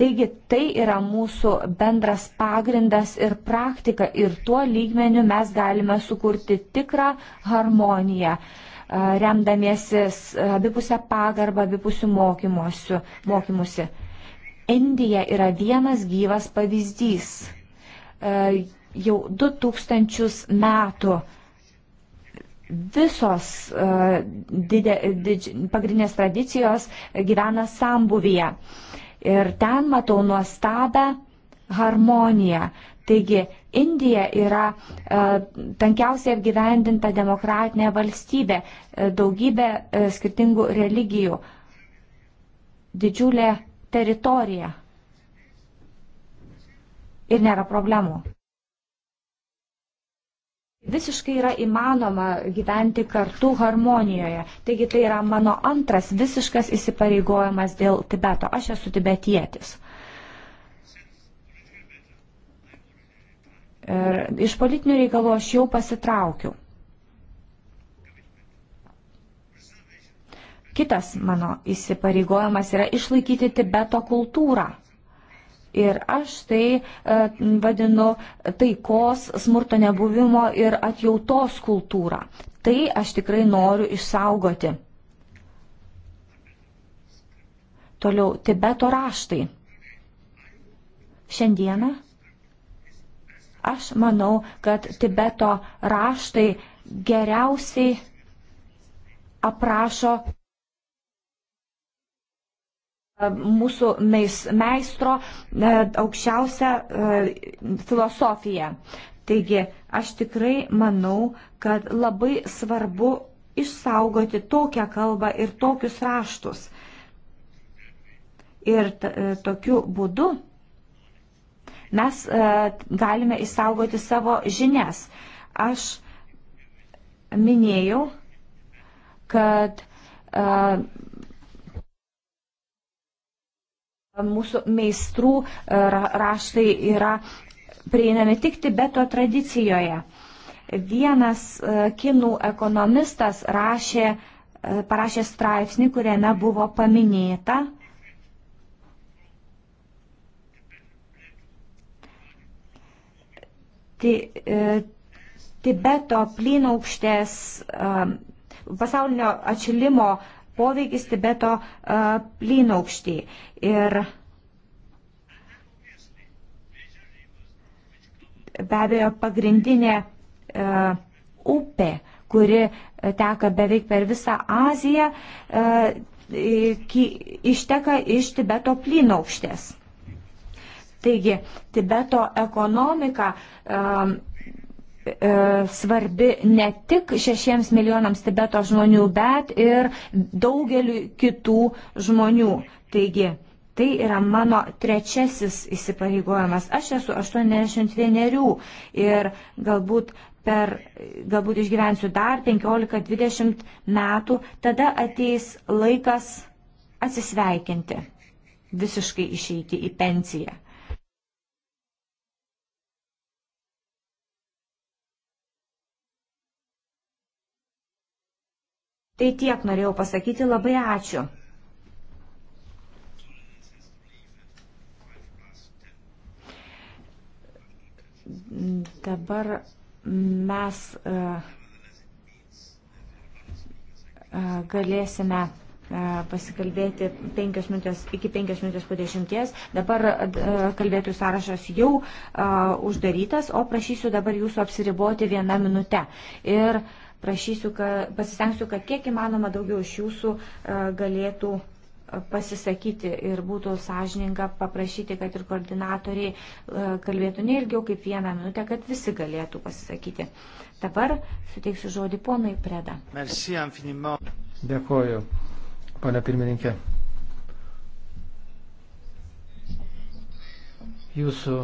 Taigi tai yra mūsų bendras pagrindas ir praktika ir tuo lygmeniu mes galime sukurti tikrą harmoniją, e, remdamiesi abipusę pagarbą, abipusių mokymusi. Indija yra vienas gyvas pavyzdys. E, jau 2000 metų visos e, didė, didž, pagrindinės tradicijos gyvena sambuvėje. Ir ten matau nuostabę harmoniją. Taigi Indija yra e, tankiausiai apgyvendinta demokratinė valstybė, daugybė skirtingų religijų, didžiulė teritoriją. Ir nėra problemų. Visiškai yra įmanoma gyventi kartu harmonijoje. Taigi tai yra mano antras visiškas įsipareigojimas dėl Tibeto. Aš esu tibetietis. Ir iš politinių reikalų aš jau pasitraukiu. Kitas mano įsipareigojimas yra išlaikyti Tibeto kultūrą. Ir aš tai e, vadinu taikos, smurto nebuvimo ir atjautos kultūrą. Tai aš tikrai noriu išsaugoti. Toliau, Tibeto raštai. Šiandieną aš manau, kad Tibeto raštai geriausiai aprašo E, mūsų meistro e, aukščiausią e, filosofiją. Taigi aš tikrai manau, kad labai svarbu išsaugoti tokią kalbą ir tokius raštus. Ir tokiu būdu mes galime išsaugoti savo žinias. Aš minėjau, kad mūsų meistrų e, raštai yra prieinami tik Tibeto tradicijoje. Vienas e, kinų ekonomistas rašė, e, parašė straipsnį, kuriame buvo paminėta, Tibeto plynaukštės pasaulinio atšilimo poveikis Tibeto plynaukštį. Ir be abejo pagrindinė uh, upė, kuri teka beveik per visą Aziją, uh, išteka iš Tibeto plynaukštės. Taigi, Tibeto ekonomika uh, E, svarbi ne tik šešiems milijonams Tibeto žmonių, bet ir daugeliu kitų žmonių. Taigi, tai yra mano trečiasis įsipareigojimas. Aš esu 81 ir galbūt per, galbūt išgyvensiu dar 15-20 metų, tada ateis laikas atsisveikinti, visiškai išeiti į pensiją. Tai tiek norėjau pasakyti, labai ačiū. Dabar mes e, e, galėsime e, pasikalbėti penkios minutės, iki 5 minutės po 10. Dabar kalbėtų sąrašas jau uždarytas, o prašysiu dabar jūsų apsiriboti vieną minutę. Ir uh, prašysiu, kad pasistengsiu, kad kiek įmanoma daugiau iš jūsų e, galėtų e, pasisakyti ir būtų sąžininga paprašyti, kad ir koordinatoriai e, kalbėtų ne ilgiau kaip vieną minutę, kad visi galėtų pasisakyti. Dabar suteiksiu žodį ponui Preda. Merci, Dėkoju, pane pirmininkė. Jūsų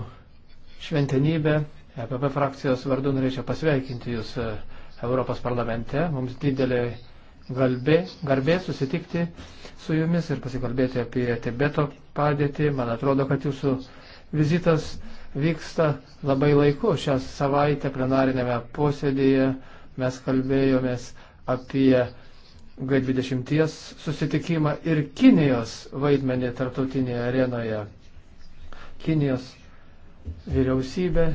šventenybė, EPP frakcijos vardu norėčiau pasveikinti Jūs Europos parlamente. Mums didelė galbė, garbė susitikti su jumis ir pasikalbėti apie Tibeto padėtį. Man atrodo, kad jūsų vizitas vyksta labai laiku. Šią savaitę plenarinėme posėdėje mes kalbėjomės apie G20 susitikimą ir Kinijos vaidmenį tarptautinėje arenoje. Kinijos vyriausybė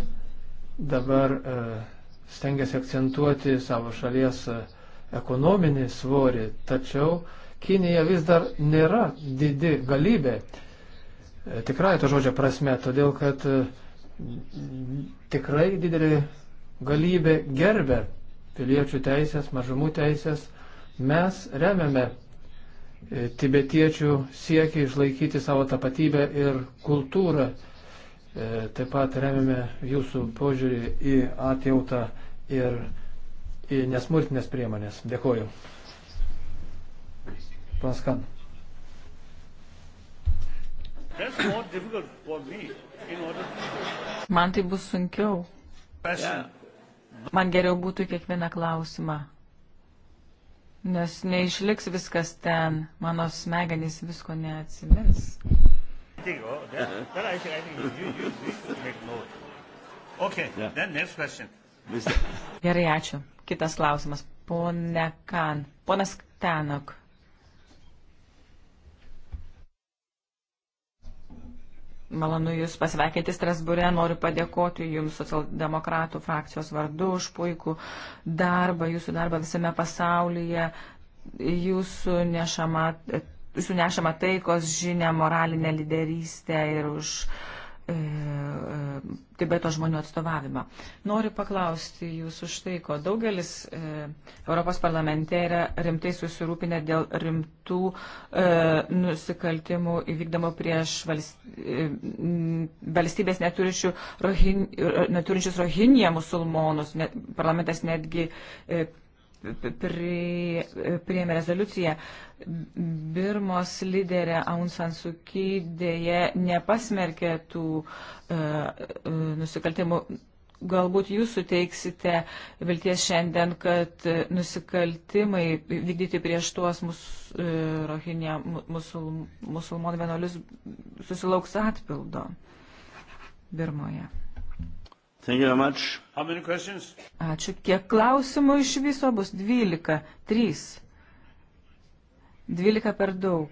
dabar e, stengiasi akcentuoti savo šalies ekonominį svorį, tačiau Kinija vis dar nėra didi galybė, e, tikrai to žodžio prasme, todėl kad e, tikrai didelė galybė gerbė piliečių teisės, mažumų teisės. Mes remiame e, tibetiečių siekį išlaikyti savo tapatybę ir kultūrą E, taip pat remiame jūsų požiūrį į atjautą ir į nesmurtinės priemonės. Dėkoju. Paskan. Man tai bus sunkiau. Man geriau būtų kiekvieną klausimą. Nes neišliks viskas ten, mano smegenys visko neatsimins go. Then, then I think, I think you, you, you make note. Okay, yeah. then next question. Gerai, ačiū. Kitas klausimas. Pone Kan. Ponas Tenok. Malonu Jūs pasveikinti Strasbūre, noriu padėkoti Jums socialdemokratų frakcijos vardu už puikų darbą, Jūsų darbą visame pasaulyje, Jūsų nešama sunešama taikos žinia, moralinę lyderystę ir už e, e, Tibeto žmonių atstovavimą. Noriu paklausti jūsų štai, ko daugelis e, Europos parlamente yra rimtai susirūpinę dėl rimtų e, nusikaltimų įvykdomų prieš valst, e, valstybės neturinčius rohin, neturinčius rohinė musulmonus. Net, parlamentas netgi e, prie, prieėmė rezoliuciją, Birmos lyderė Aung San Suu Kyi dėje nepasmerkė tų e, e, nusikaltimų. Galbūt jūs suteiksite vilties šiandien, kad nusikaltimai vykdyti prieš tuos mus, e, rohinė musul, musulmonų vienuolius susilauks atpildo Birmoje. Ačiū. Kiek klausimų iš viso bus? 12. 3. 12 per daug.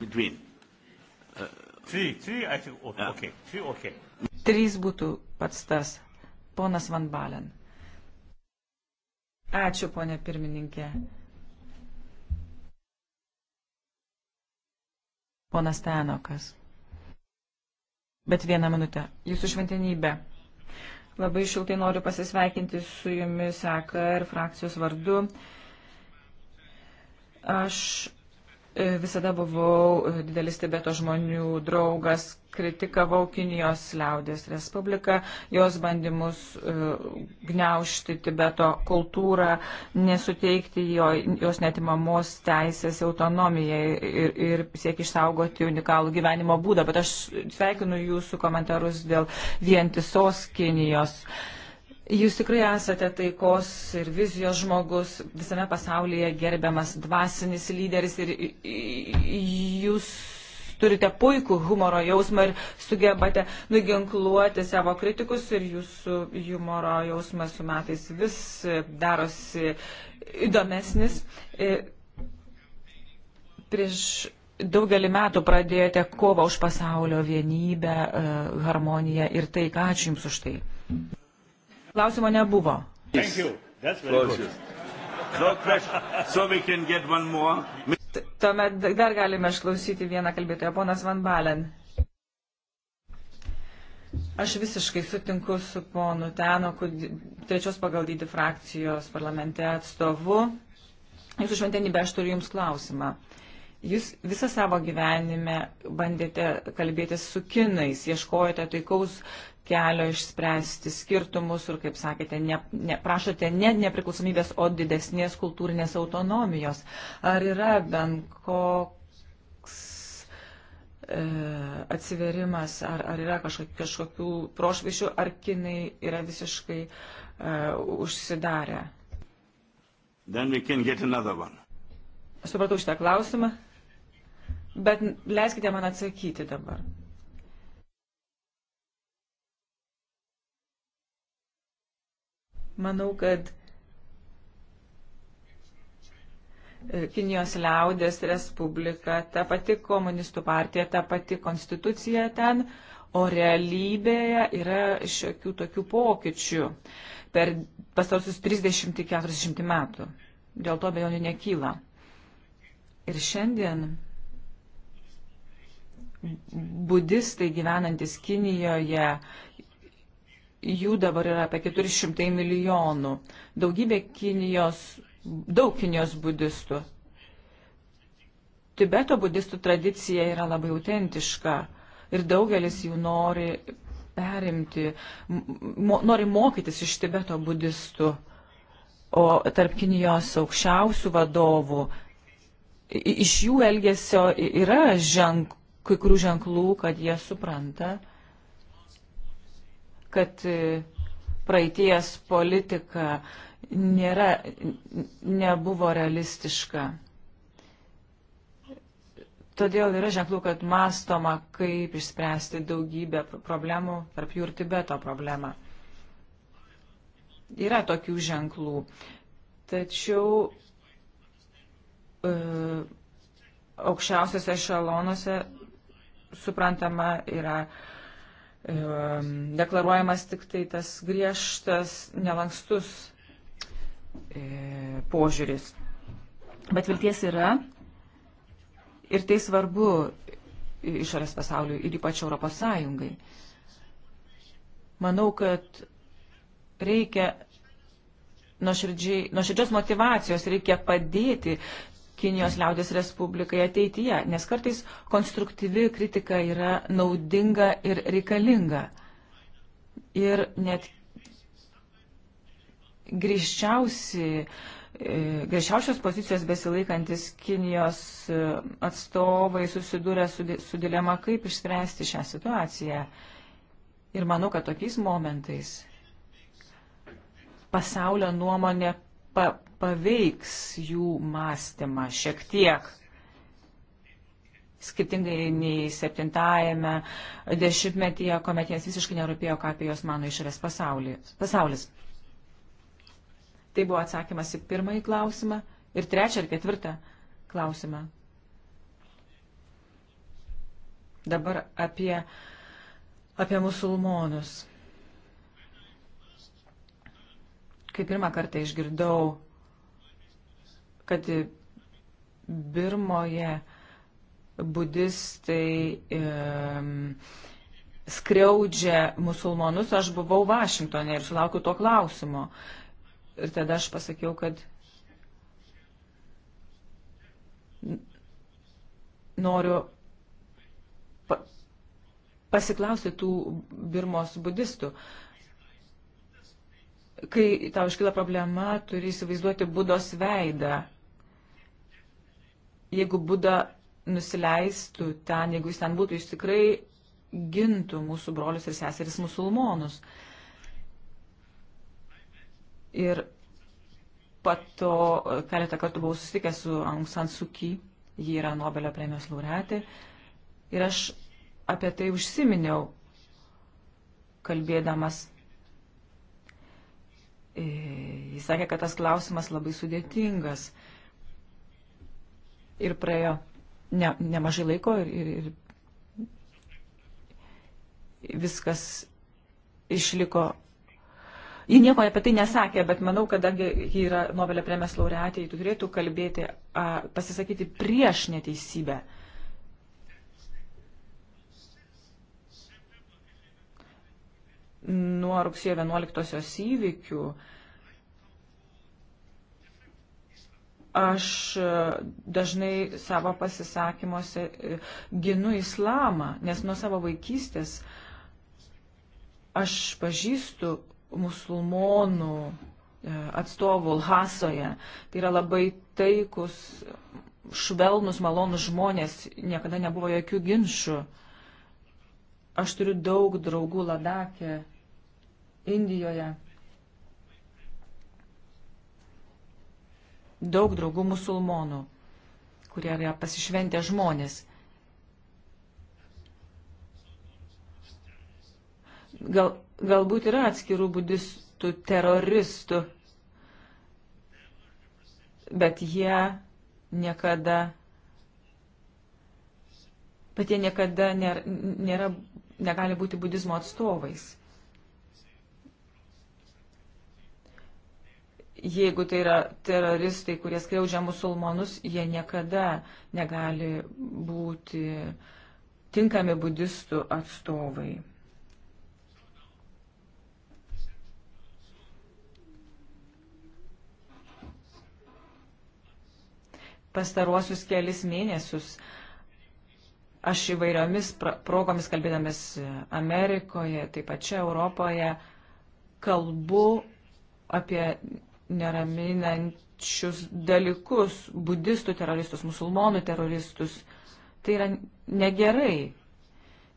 Between. Uh, three, three, I think, okay. Yeah. Three, okay. Trys būtų pats tas. Ponas Van Balen. Ačiū, ponė pirmininkė. Ponas Tenokas bet vieną minutę. Jūsų šventinybė. Labai šiltai noriu pasisveikinti su jumis, seka ir frakcijos vardu. Aš E, visada buvau e, didelis Tibeto žmonių draugas, kritikavau Kinijos liaudės Respubliką, jos bandymus e, gniaužti Tibeto kultūrą, nesuteikti jo, jos netimamos teisės autonomijai ir, ir siek išsaugoti unikalų gyvenimo būdą. Bet aš sveikinu jūsų komentarus dėl vientisos Kinijos. Uh, Jūs tikrai esate taikos ir vizijos žmogus, visame pasaulyje gerbiamas dvasinis lyderis ir jūs turite puikų humoro jausmą ir sugebate nuginkluoti savo kritikus ir jūsų humoro jausmas su metais vis darosi įdomesnis. E, prieš daugelį metų pradėjote kovą už pasaulio vienybę, e, harmoniją ir tai, ką ačiū Jums už tai. Klausimo nebuvo. Tuomet dar galime išklausyti vieną kalbėtoją, ponas Van Balen. Aš visiškai sutinku su ponu Tenoku, trečios pagal dydį frakcijos parlamente atstovu. Jūsų šventenybė, aš turiu Jums klausimą. Jūs visą savo gyvenime bandėte kalbėtis su kinais, ieškojate taikaus kelio išspręsti skirtumus ir, kaip sakėte, ne, ne, prašote ne nepriklausomybės, o didesnės kultūrinės autonomijos. Ar yra bent koks e, atsiverimas, ar, ar yra kažkokių, kažkokių prošvišių, ar kinai yra visiškai e, užsidarę? Supratau šitą klausimą, bet leiskite man atsakyti dabar. Manau, kad e, Kinijos liaudės Respublika, ta pati komunistų partija, ta pati konstitucija ten, o realybėje yra šiokių tokių pokyčių per pastarosius 30-40 metų. Dėl to bejonių nekyla. Ir šiandien budistai gyvenantis Kinijoje jų dabar yra apie 400 milijonų. Daugybė Kinijos, daug Kinijos budistų. Tibeto budistų tradicija yra labai autentiška ir daugelis jų nori perimti, mo, nori mokytis iš Tibeto budistų. O tarp Kinijos aukščiausių vadovų iš jų elgesio yra ženk, kai kurių ženklų, kad jie supranta, kad e, praeities politika nėra, nebuvo realistiška. Todėl yra ženklų, kad mastoma, kaip išspręsti daugybę problemų, tarp jų ir Tibeto problemą. Yra tokių ženklų. Tačiau e, aukščiausiose ešalonuose suprantama yra e, deklaruojamas tik tai tas griežtas, nelankstus e, požiūris. Bet vilties yra ir tai svarbu išorės pasauliui ir ypač Europos Sąjungai. Manau, kad reikia nuoširdžios motivacijos, reikia padėti Kinijos liaudės Respublikai ateityje, nes kartais konstruktyvi kritika yra naudinga ir reikalinga. Ir net grįžčiausi, e, grįžčiausios pozicijos besilaikantis Kinijos e, atstovai susidūrė su, su dilema, kaip išspręsti šią situaciją. Ir manau, kad tokiais momentais pasaulio nuomonė pa, paveiks jų mąstymą šiek tiek. Skirtingai nei septintajame dešimtmetyje, kuomet jiems visiškai nerūpėjo, ką apie juos mano išorės pasaulis. Tai buvo atsakymas į pirmąjį klausimą ir trečią ir ketvirtą klausimą. Dabar apie, apie musulmonus. Kai pirmą kartą išgirdau kad Birmoje budistai e, skriaudžia musulmonus. Aš buvau Vašingtonė ir sulaukiu to klausimo. Ir tada aš pasakiau, kad noriu pa pasiklausyti tų Birmos budistų. Kai tau iškyla problema, turi įsivaizduoti Budos veidą jeigu Buda nusileistų ten, jeigu jis ten būtų, jis tikrai gintų mūsų brolius ir seseris musulmonus. Ir pato e, keletą kartų buvau susitikęs su Aung San Suu Kyi, ji yra Nobelio premijos laureatė, ir aš apie tai užsiminiau, kalbėdamas. E, jis sakė, kad tas klausimas labai sudėtingas ir praėjo ne, nemažai laiko ir, ir, ir viskas išliko. Ji nieko apie tai nesakė, bet manau, kadangi ji yra Nobelio premijos laureatė, ji turėtų kalbėti, a, pasisakyti prieš neteisybę. Nuo rugsėjo 11-osios įvykių a, Aš e, dažnai savo pasisakymuose e, ginu islamą, nes nuo savo vaikystės aš pažįstu musulmonų e, atstovų Lhasoje. Tai yra labai taikus, švelnus, malonus žmonės, niekada nebuvo jokių ginčių. Aš turiu daug draugų Ladakė, Indijoje. daug draugų musulmonų, kurie yra pasišventę žmonės. Gal, galbūt yra atskirų budistų teroristų, bet jie niekada, bet jie niekada nėra, nėra, negali būti budizmo atstovais. jeigu tai yra teroristai, kurie skriaudžia musulmonus, jie niekada negali būti tinkami budistų atstovai. Pastaruosius kelis mėnesius aš įvairiomis progomis kalbėdamas Amerikoje, taip pat čia Europoje, kalbu apie neraminančius dalykus - budistų teroristus, musulmonų teroristus. Tai yra negerai.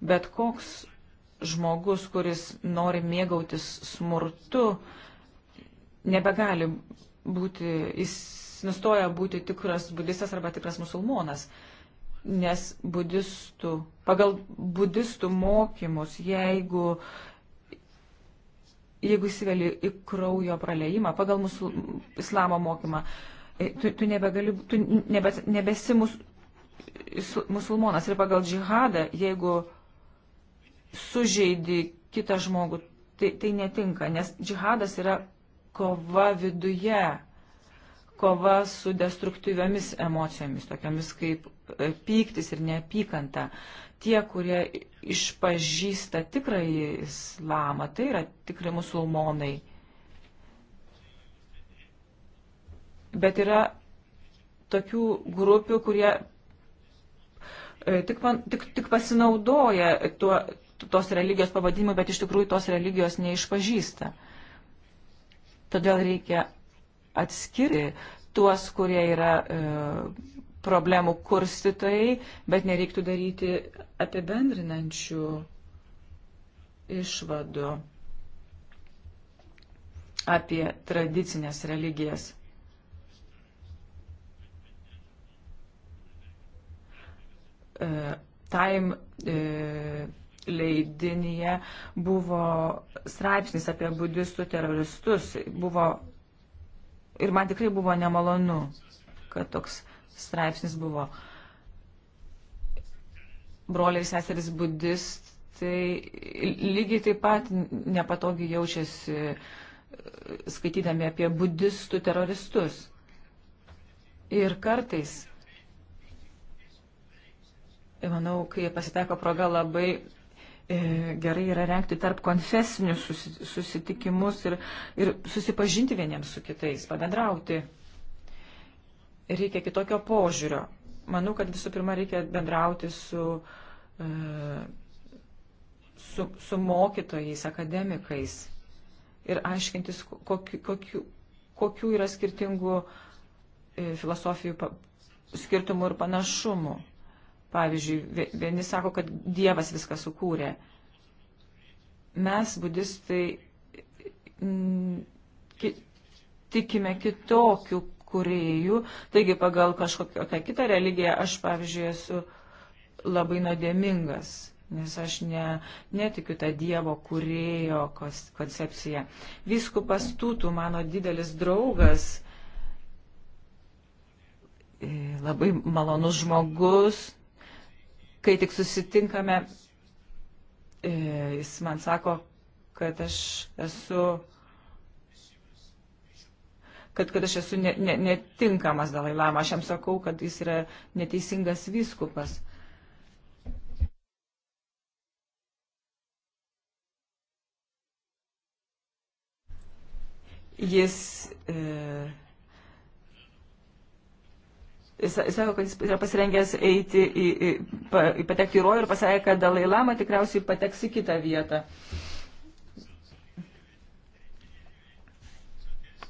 Bet koks žmogus, kuris nori mėgautis smurtu, nebegali būti, jis nustoja būti tikras budistas arba tikras musulmonas. Nes budistų, pagal budistų mokymus, jeigu uh, jeigu įsiveli į kraujo praleimą pagal mūsų islamo mokymą, e, tu, tu, nebegali, tu nebes, nebesi mus, musulmonas ir pagal džihadą, jeigu sužeidi kitą žmogų, tai, tai netinka, nes džihadas yra kova viduje, kova su destruktyviomis emocijomis, tokiamis kaip e, pyktis ir neapykanta tie, kurie išpažįsta tikrąjį islamą, tai yra tikri musulmonai. Bet yra tokių grupių, kurie e, tik, man, tik, tik pasinaudoja tuo, tos religijos pavadinimu, bet iš tikrųjų tos religijos neišpažįsta. Todėl reikia atskirti tuos, kurie yra e, problemų kurstytojai, bet nereiktų daryti apibendrinančių išvadų apie tradicinės religijas. E, Time e, leidinyje buvo straipsnis apie budistų teroristus. Buvo, ir man tikrai buvo nemalonu, kad toks straipsnis buvo broliai ir seserys budistai lygiai taip pat nepatogiai jaučiasi e, skaitydami apie budistų teroristus. Ir kartais, manau, kai pasiteko proga labai e, gerai yra renkti tarp konfesinius susitikimus ir, ir susipažinti vieniems su kitais, pabendrauti reikia kitokio požiūrio. Manau, kad visų pirma reikia bendrauti su, e, su, su mokytojais, akademikais ir aiškintis, kokiu, kokiu, kokiu yra skirtingų e, filosofijų skirtumų ir panašumų. Pavyzdžiui, vieni sako, kad Dievas viską sukūrė. Mes, budistai, tikime kitokių kuriejų. Taigi pagal kažkokią kitą religiją aš, pavyzdžiui, esu labai nuodėmingas, nes aš ne, netikiu tą Dievo kurėjo koncepciją. Vyskupas Tūtų, mano didelis draugas, e, labai malonus žmogus, kai tik susitinkame, e, jis man sako, kad aš esu kad, kad aš esu ne, ne, netinkamas Dalai Lama. Aš jam sakau, kad jis yra neteisingas vyskupas. Jis, e, jis sako, kad jis yra pasirengęs eiti į, į, į patekti į rojų ir pasakė, kad Dalai Lama tikriausiai pateks į kitą vietą. E,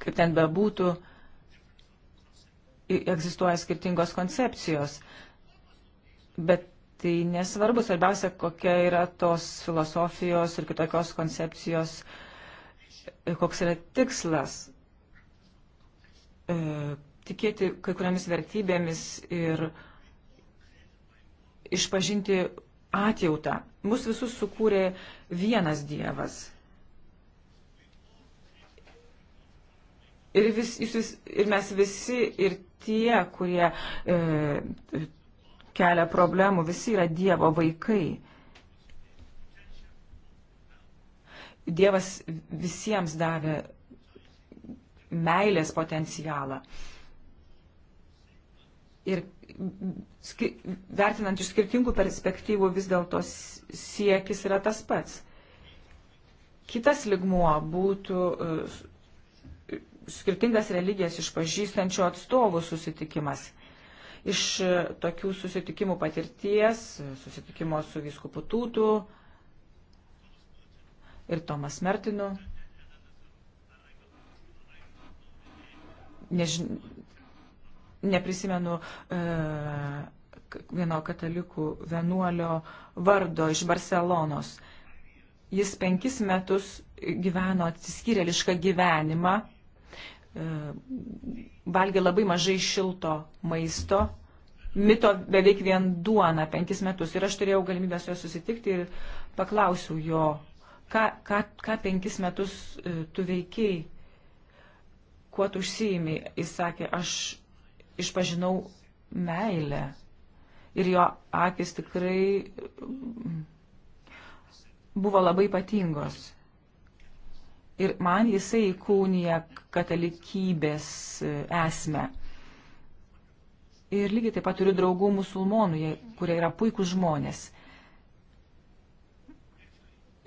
kaip ten bebūtų, egzistuoja skirtingos koncepcijos. Bet tai nesvarbu, svarbiausia, kokia yra tos filosofijos ir kitokios koncepcijos, koks yra tikslas. E, tikėti kai kuriamis vertybėmis ir išpažinti atjautą. Mūsų visus sukūrė vienas Dievas. Ir, vis, jūs, vis, ir mes visi, ir tie, kurie e, kelia problemų, visi yra Dievo vaikai. Dievas visiems davė meilės potencialą. Ir skir, vertinant iš skirtingų perspektyvų vis dėlto siekis yra tas pats. Kitas ligmuo būtų e, skirtingas religijas išpažįstančių atstovų susitikimas. Iš tokių susitikimų patirties, susitikimo su viskupu Tūtų ir Tomas Mertinu, nežin, neprisimenu e, vieno katalikų vienuolio vardo iš Barcelonos. Jis penkis metus gyveno atsiskyrėlišką gyvenimą E, valgė labai mažai šilto maisto, mito beveik vien duona penkis metus. Ir aš turėjau galimybę su juo susitikti ir paklausiau jo, ką, ką, ką penkis metus e, tu veikiai, kuo tu užsiimiai. Jis sakė, aš išpažinau meilę. Ir jo akis tikrai mm, buvo labai ypatingos ir man jisai įkūnija katalikybės e, esmę. Ir lygiai taip pat turiu draugų musulmonų, kurie yra puikūs žmonės.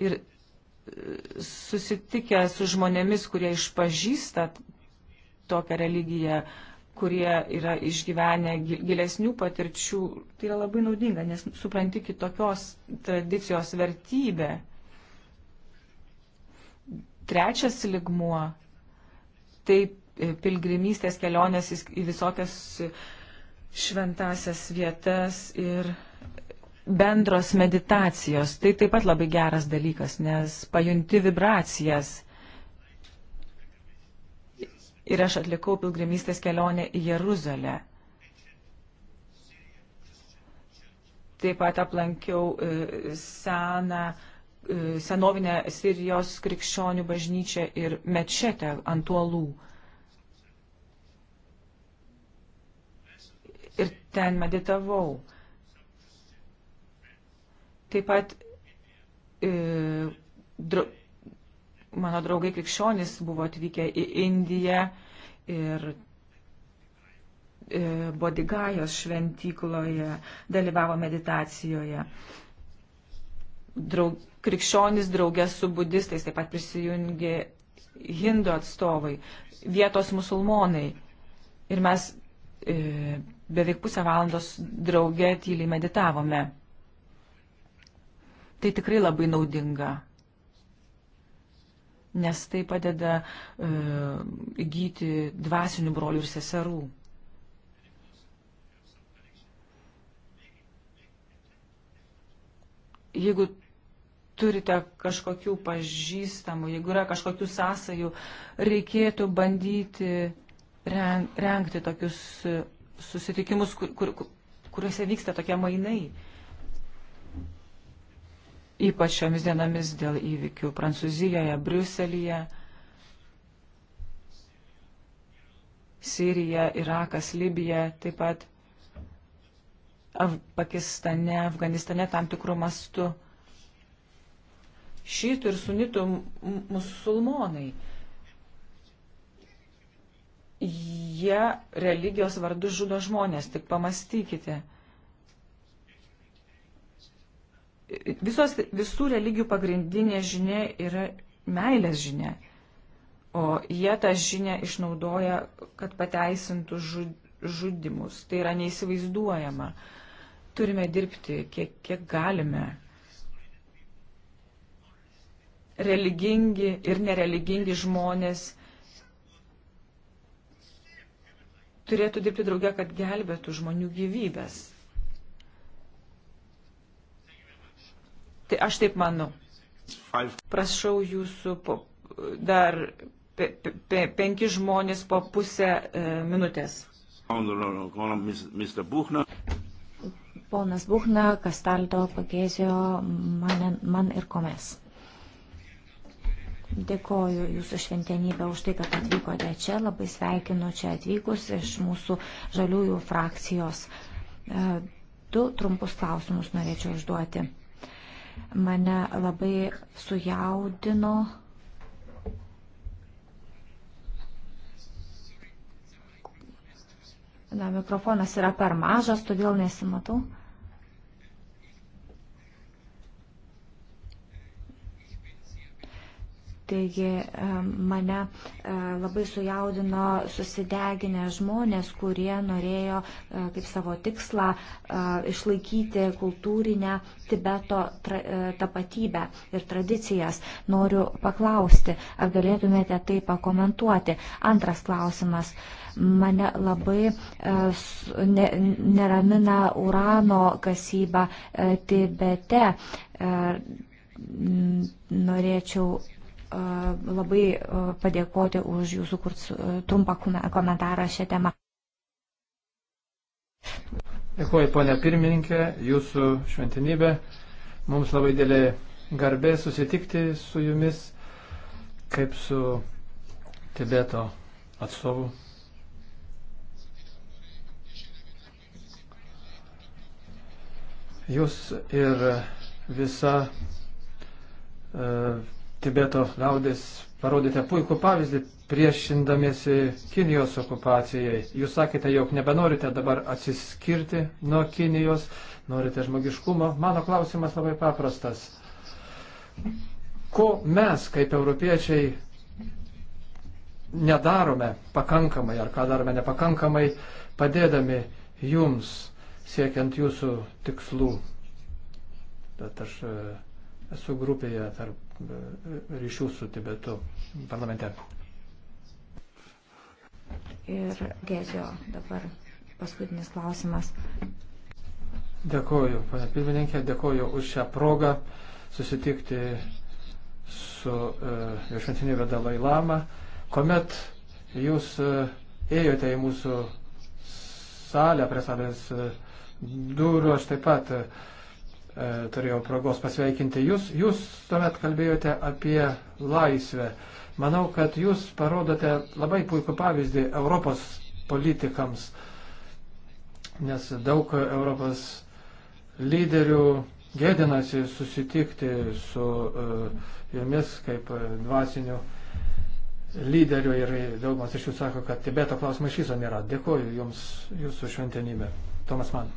Ir e, susitikę su žmonėmis, kurie išpažįsta tokią religiją, kurie yra išgyvenę gilesnių patirčių, tai yra labai naudinga, nes supranti kitokios tradicijos vertybę. Trečias ligmuo - tai e, pilgrimystės kelionės į visokias šventasias vietas ir bendros meditacijos. Tai taip pat labai geras dalykas, nes pajunti vibracijas. Ir aš atlikau pilgrimystės kelionę į Jeruzalę. Taip pat aplankiau e, seną E, senovinę Sirijos krikščionių bažnyčią ir mečetę ant uolų. Ir ten meditavau. Taip pat e, dra, mano draugai krikščionis buvo atvykę į Indiją ir e, Bodigajos šventykloje, dalyvavo meditacijoje draug, krikščionis draugės su budistais, taip pat prisijungė hindu atstovai, vietos musulmonai. Ir mes e, beveik pusę valandos draugė tyliai meditavome. Tai tikrai labai naudinga, nes tai padeda e, įgyti dvasinių brolių ir seserų. Jeigu turite kažkokių pažįstamų, jeigu yra kažkokių sąsajų, reikėtų bandyti rengti tokius e, susitikimus, kur, kur, kuriuose vyksta tokie mainai. Ypač šiomis dienomis dėl įvykių Prancūzijoje, Briuselyje, Sirija, Irakas, Libija, taip pat Af Pakistane, Afganistane tam tikrų mastų šytų ir sunitų musulmonai. Jie religijos vardu žudo žmonės, tik pamastykite. Visos, visų religijų pagrindinė žinia yra meilės žinia. O jie tą žinę išnaudoja, kad pateisintų žudimus. Tai yra neįsivaizduojama. Turime dirbti, kiek, kiek galime religingi ir nereligingi žmonės turėtų dirbti drauge, kad gelbėtų žmonių gyvybės. Tai aš taip manau. Prašau jūsų po, dar pe, pe, penki žmonės po pusę e, minutės. Ponas Buchna, Kastaldo, Pagėzio, man, man ir Komes. Dėkoju Jūsų šventenybę už tai, kad atvykote čia. Labai sveikinu čia atvykus iš mūsų žaliųjų frakcijos. E, du trumpus klausimus norėčiau užduoti. Mane labai sujaudino Na, mikrofonas yra per mažas, todėl nesimatau. Taigi e, mane e, labai sujaudino susideginę žmonės, kurie norėjo e, kaip savo tikslą išlaikyti kultūrinę Tibeto tapatybę ir tradicijas. Noriu paklausti, ar galėtumėte tai pakomentuoti. Antras klausimas. Mane labai neramina urano kasyba Tibete. Norėčiau labai padėkoti už jūsų kurts, trumpą komentarą šią temą. Dėkuoju, ponia pirmininkė, jūsų šventinybė. Mums labai dėlė garbė susitikti su jumis, kaip su Tibeto atstovu. Jūs ir visa e, Tibeto liaudės parodėte puikų pavyzdį priešindamėsi Kinijos okupacijai. Jūs sakėte, jog nebenorite dabar atsiskirti nuo Kinijos, norite žmogiškumo. Mano klausimas labai paprastas. Ko mes, kaip europiečiai, nedarome pakankamai ar ką darome nepakankamai, padėdami jums siekiant jūsų tikslų? Bet aš Esu grupėje tarp e, ryšių su Tibetu parlamente. Ir Gezio dabar paskutinis klausimas. Dėkoju, pana pirmininkė, dėkoju už šią progą susitikti su e, uh, išventiniu Vedalai Lama. Kuomet jūs uh, ėjote į mūsų salę prie salės uh, durų, aš taip pat uh, E, turėjau progos pasveikinti jūs. Jūs tuomet kalbėjote apie laisvę. Manau, kad jūs parodote labai puikų pavyzdį Europos politikams, nes daug Europos lyderių gėdinasi susitikti su e, jumis kaip dvasiniu lyderių ir daugumas iš jų sako, kad Tibeto klausimai iš viso nėra. Dėkuoju Jums, Jūsų šventenybė. Tomas man.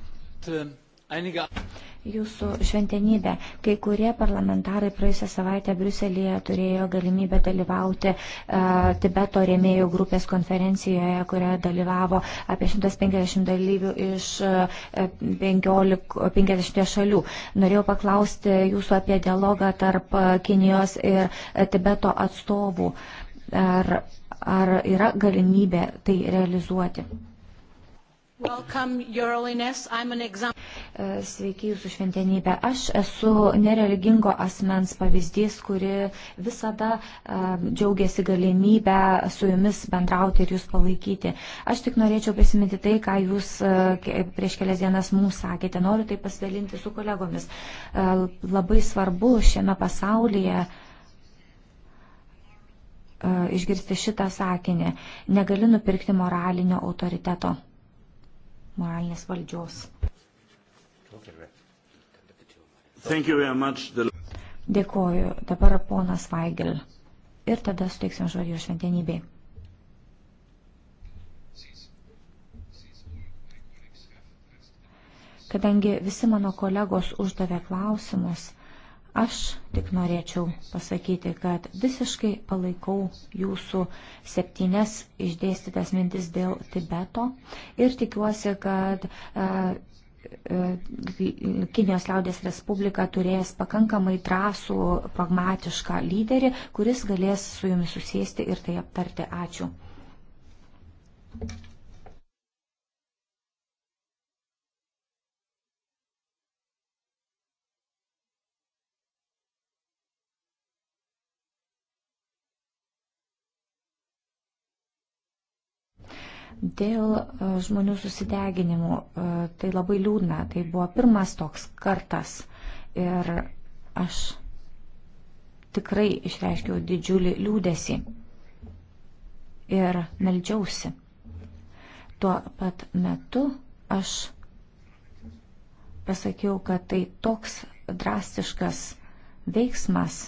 Jūsų šventenybė, kai kurie parlamentarai praėjusią savaitę Bruselėje turėjo galimybę dalyvauti uh, Tibeto rėmėjų grupės konferencijoje, kurioje dalyvavo apie 150 dalyvių iš uh, 15, 50 šalių. Norėjau paklausti jūsų apie dialogą tarp Kinijos ir Tibeto atstovų. Ar, ar yra galimybė tai realizuoti? Welcome, Euroliness. I'm an example. Sveiki jūsų šventenybė. Aš esu nereligingo asmens pavyzdys, kuri visada e, džiaugiasi galimybę su jumis bendrauti ir jūs palaikyti. Aš tik norėčiau prisiminti tai, ką jūs e, prieš kelias dienas mums sakėte. Noriu tai pasidalinti su kolegomis. E, labai svarbu šiame pasaulyje išgirsti šitą sakinį. Negali nupirkti moralinio autoriteto moralinės valdžios. Dėkoju. Dabar ponas Vaigel. Ir tada suteiksim žodį jo šventenybei. Kadangi visi mano kolegos uždavė klausimus, Aš tik norėčiau pasakyti, kad visiškai palaikau jūsų septynes išdėstytas mintis dėl Tibeto ir tikiuosi, kad e, e, Kinijos liaudės Respublika turės pakankamai drąsų, pragmatišką lyderį, kuris galės su jumis susėsti ir tai aptarti. Ačiū. Dėl e, žmonių susideginimų e, tai labai liūdna. Tai buvo pirmas toks kartas. Ir aš tikrai išreiškiau didžiulį liūdėsi. Ir meldžiausi. Tuo pat metu aš pasakiau, kad tai toks drastiškas veiksmas,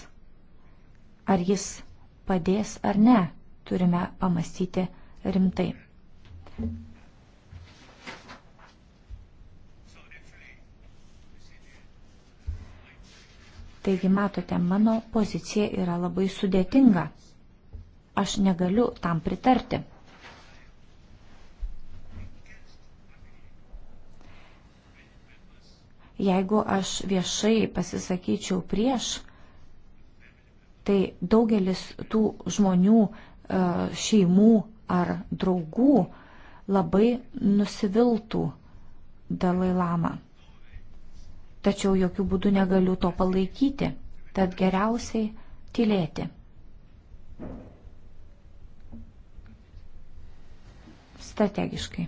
ar jis padės ar ne, turime pamastyti rimtai. Taigi, matote, mano pozicija yra labai sudėtinga. Aš negaliu tam pritarti. Jeigu aš viešai pasisakyčiau prieš, tai daugelis tų žmonių, e, šeimų ar draugų labai nusiviltų Dalai Lama. Tačiau jokių būdų negaliu to palaikyti, tad geriausiai tylėti. Strategiškai.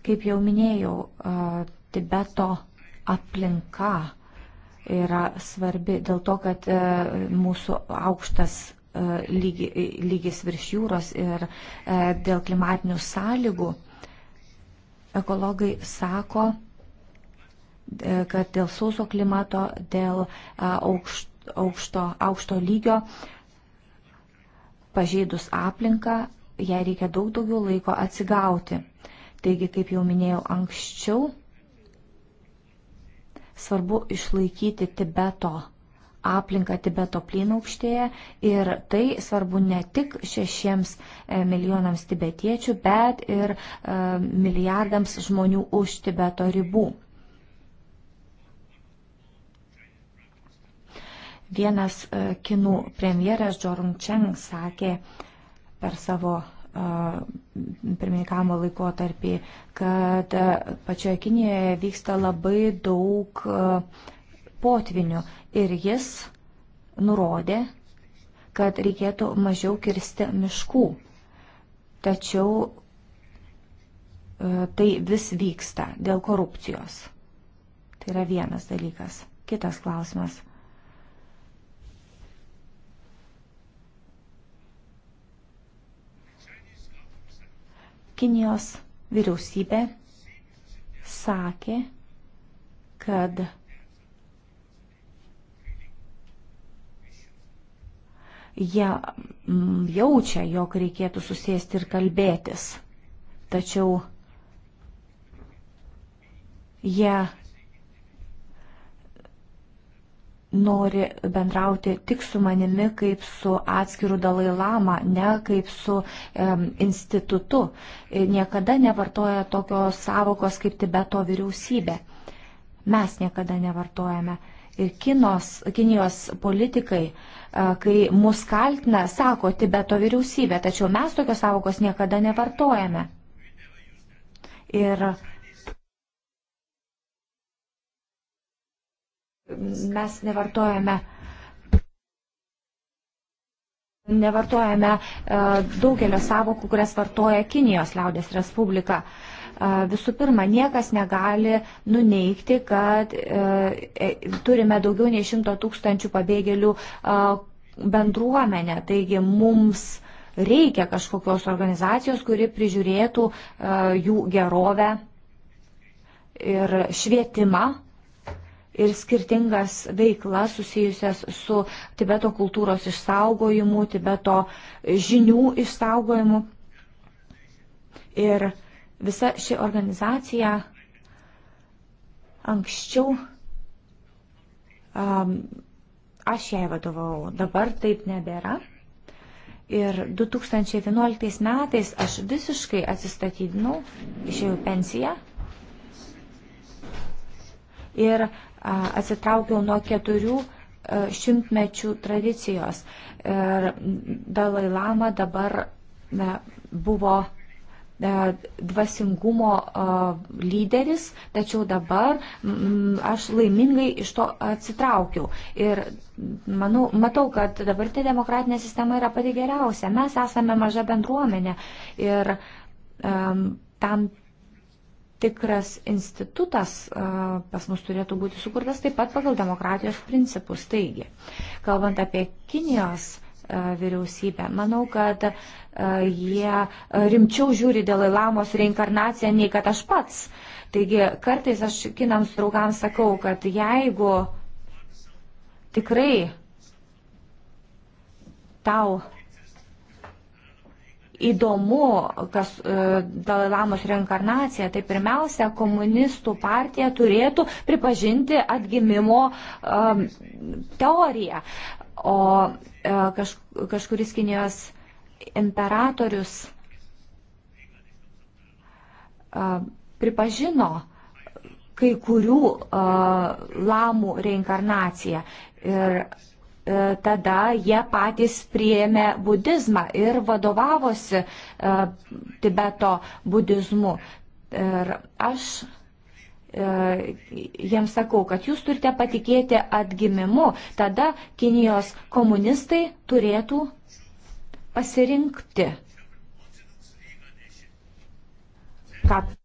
Kaip jau minėjau, Tibeto aplinka yra svarbi dėl to, kad e, mūsų aukštas e, lygi, lygis virš jūros ir e, dėl klimatinių sąlygų ekologai sako, kad dėl sauso klimato, dėl aukšto, aukšto lygio pažeidus aplinką, jai reikia daug daugiau laiko atsigauti. Taigi, kaip jau minėjau anksčiau, Svarbu išlaikyti Tibeto aplinką Tibeto plynaukštėje ir tai svarbu ne tik šešiems e, milijonams tibetiečių, bet ir e, milijardams žmonių už Tibeto ribų. Vienas e, kinų premjeras Džorung Čeng sakė per savo pirmininkavimo laikotarpį, kad pačioje Kinijoje vyksta labai daug potvinių ir jis nurodė, kad reikėtų mažiau kirsti miškų. Tačiau tai vis vyksta dėl korupcijos. Tai yra vienas dalykas. Kitas klausimas. Kinijos vyriausybė sakė, kad jie mm, jaučia, jog reikėtų susėsti ir kalbėtis. Tačiau jie nori bendrauti tik su manimi kaip su atskiru Dalai Lama, ne kaip su um, institutu. E, niekada nevartoja tokios savokos kaip Tibeto vyriausybė. Mes niekada nevartojame. Ir kinos, Kinijos politikai, e, kai mus kaltina, sako Tibeto vyriausybė, tačiau mes tokios savokos niekada nevartojame. Ir uh, mes nevartojame nevartojame e, daugelio savokų, kurias vartoja Kinijos liaudės Respublika. E, visų pirma, niekas negali nuneikti, kad e, turime daugiau nei šimto tūkstančių pabėgėlių bendruomenę. Taigi mums reikia kažkokios organizacijos, kuri prižiūrėtų jų gerovę ir švietimą ir skirtingas veiklas susijusias su Tibeto kultūros išsaugojimu, Tibeto žinių išsaugojimu. Ir visa ši organizacija anksčiau um, aš jai vadovau, dabar taip nebėra. Ir 2011 metais aš visiškai atsistatydinau, išėjau pensiją. Ir atsitraukiau nuo keturių e, šimtmečių tradicijos. Ir Dalai Lama dabar buvo dvasingumo lyderis, tačiau dabar aš laimingai iš to atsitraukiau. Ir manau, matau, kad dabartinė demokratinė sistema yra pati geriausia. Mes esame maža bendruomenė ir um, tam tikras institutas pas mus turėtų būti sukurtas taip pat pagal demokratijos principus. Taigi, kalbant apie Kinijos vyriausybę, manau, kad jie rimčiau žiūri dėl Ilamos reinkarnaciją nei kad aš pats. Taigi, kartais aš kinams draugams sakau, kad jeigu tikrai tau įdomu, kas e, Dalai Lamos reinkarnacija, tai pirmiausia, komunistų partija turėtų pripažinti atgimimo e, teoriją. O e, kaž, kažkuris Kinijos imperatorius e, pripažino kai kurių e, lamų reinkarnaciją. Ir E, tada jie patys priėmė budizmą ir vadovavosi e, Tibeto budizmu. Ir aš e, jiems sakau, kad jūs turite patikėti atgimimu, tada Kinijos komunistai turėtų pasirinkti. Kad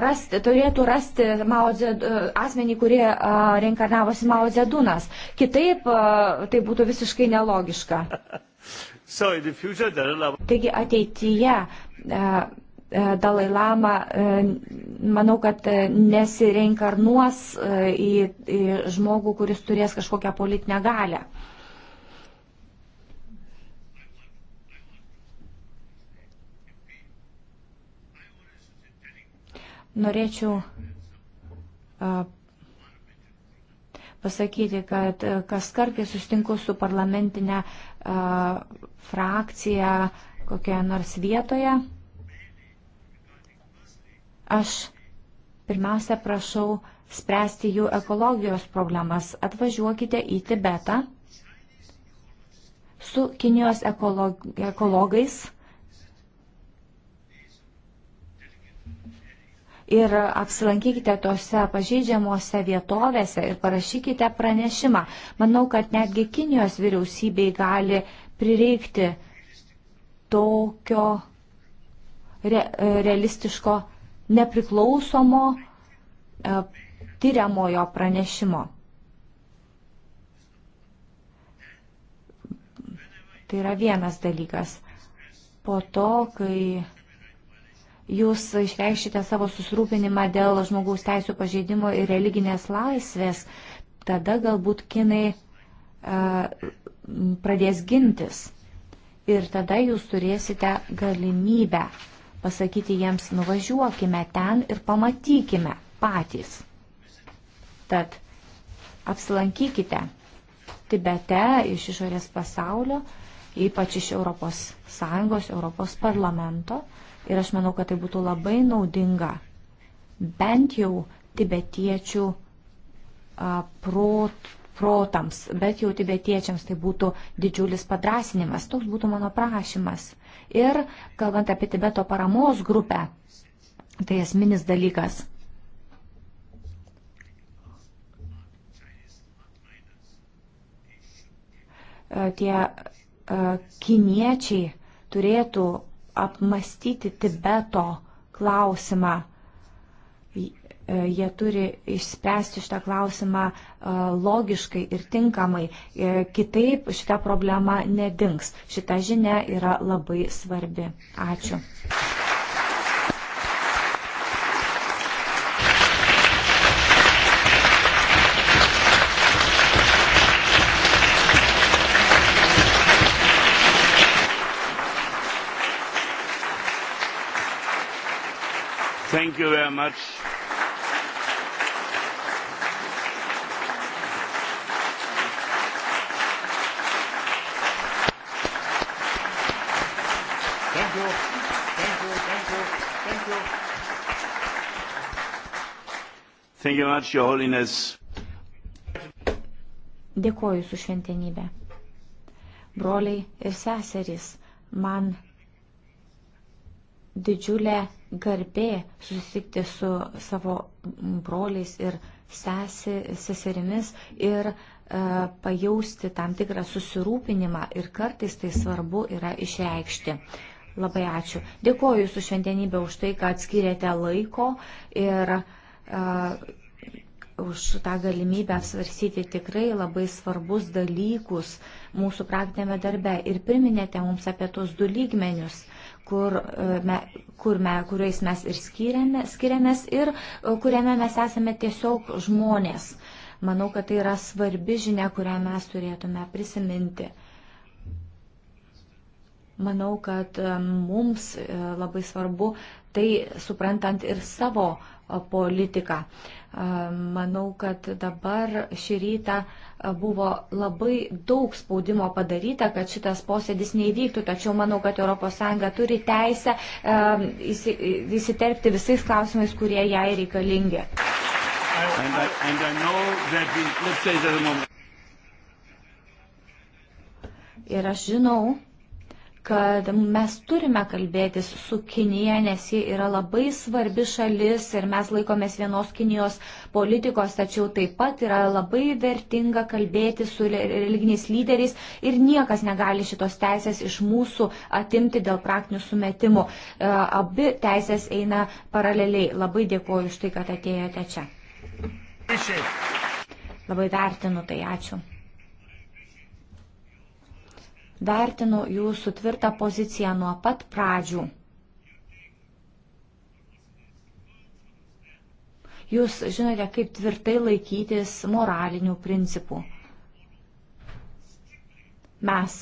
rasti, turėtų rasti Maudze, e, asmenį, kurie e, reinkarnavosi Mao Zedunas. Kitaip e, tai būtų visiškai nelogiška. So future, Lama... Taigi ateityje Dalai Lama, manau, kad nesireinkarnuos į, į žmogų, kuris turės kažkokią politinę galę. Norėčiau pasakyti, kad kas kartai sustinku su parlamentinė frakcija kokioje nors vietoje. Aš pirmiausia prašau spręsti jų ekologijos problemas. Atvažiuokite į Tibetą su Kinijos ekolog, ekologais ir apsilankykite tose pažeidžiamuose vietovėse ir parašykite pranešimą. Manau, kad netgi Kinijos vyriausybei gali prireikti tokio re, realistiško nepriklausomo e, tyriamojo pranešimo. Tai yra vienas dalykas. Po to, kai Jūs išreikšite savo susirūpinimą dėl žmogaus teisų pažeidimo ir religinės laisvės, tada galbūt kinai a, pradės gintis. Ir tada jūs turėsite galimybę pasakyti jiems, nuvažiuokime ten ir pamatykime patys. Tad apsilankykite Tibete iš išorės pasaulio, ypač iš ES, ES parlamento. Ir aš manau, kad tai būtų labai naudinga bent jau tibetiečių prot, protams, bet jau tibetiečiams tai būtų didžiulis padrasinimas. Toks būtų mano prašymas. Ir kalbant apie Tibeto paramos grupę, tai esminis dalykas. Tie kiniečiai turėtų apmastyti Tibeto klausimą. E, jie turi išspręsti šitą klausimą e, logiškai ir tinkamai. E, kitaip šita problema nedings. Šita žinia yra labai svarbi. Ačiū. Thank you very much. Thank you. Thank you. Thank you. Thank you. Thank you much, Your Holiness. Dėkoju su šventenybė. Broliai ir seserys, man didžiulė garbė susitikti su savo broliais ir sesi, seserimis ir e, pajausti tam tikrą susirūpinimą ir kartais tai svarbu yra išreikšti. Labai ačiū. Dėkuoju Jūsų šiandienybę už tai, kad skiriate laiko ir e, už tą galimybę apsvarsyti tikrai labai svarbus dalykus mūsų praktinėme darbe ir priminėte mums apie tos du lygmenius. E, kur, e, me, kur me, kuriais mes ir skiriame, skiriamės ir e, kuriame mes esame tiesiog žmonės. Manau, kad tai yra svarbi žinia, kurią mes turėtume prisiminti. Manau, kad e, mums labai svarbu tai suprantant ir savo politiką. Manau, kad dabar šį rytą buvo labai daug spaudimo padaryta, kad šitas posėdis neįvyktų, tačiau manau, kad ES turi teisę įsiterpti visais klausimais, kurie jai reikalingi. And I, and I know that we, let's say that a moment. Ir aš žinau, kad mes turime kalbėtis su Kinija, nes ji yra labai svarbi šalis ir mes laikomės vienos Kinijos politikos, tačiau taip pat yra labai vertinga kalbėti su religiniais lyderiais ir niekas negali šitos teisės iš mūsų atimti dėl praktinių sumetimų. E, abi teisės eina paraleliai. Labai dėkuoju už tai, kad atėjote čia. Labai vertinu tai, ačiū vertinu jūsų tvirtą poziciją nuo pat pradžių. Jūs žinote, kaip tvirtai laikytis moralinių principų. Mes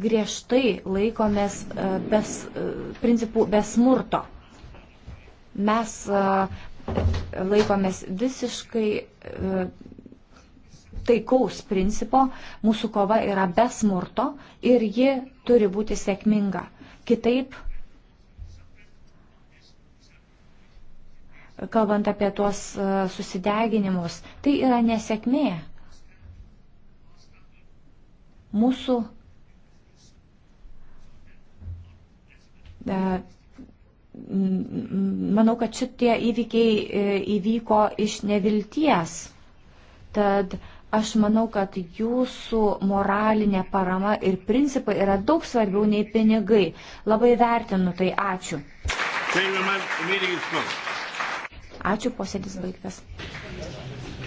griežtai laikomės e, bes, e, principų besmurto. Mes e, laikomės visiškai taikaus principo, mūsų kova yra be smurto ir ji turi būti sėkminga. Kitaip, kalbant apie tuos e, susideginimus, tai yra nesėkmė. Mūsų e, manau, kad šitie įvykiai e, įvyko iš nevilties. Tad uh, Aš manau, kad jūsų moralinė parama ir principai yra daug svarbiau nei pinigai. Labai vertinu tai. Ačiū. Ačiū, posėdis baigtas.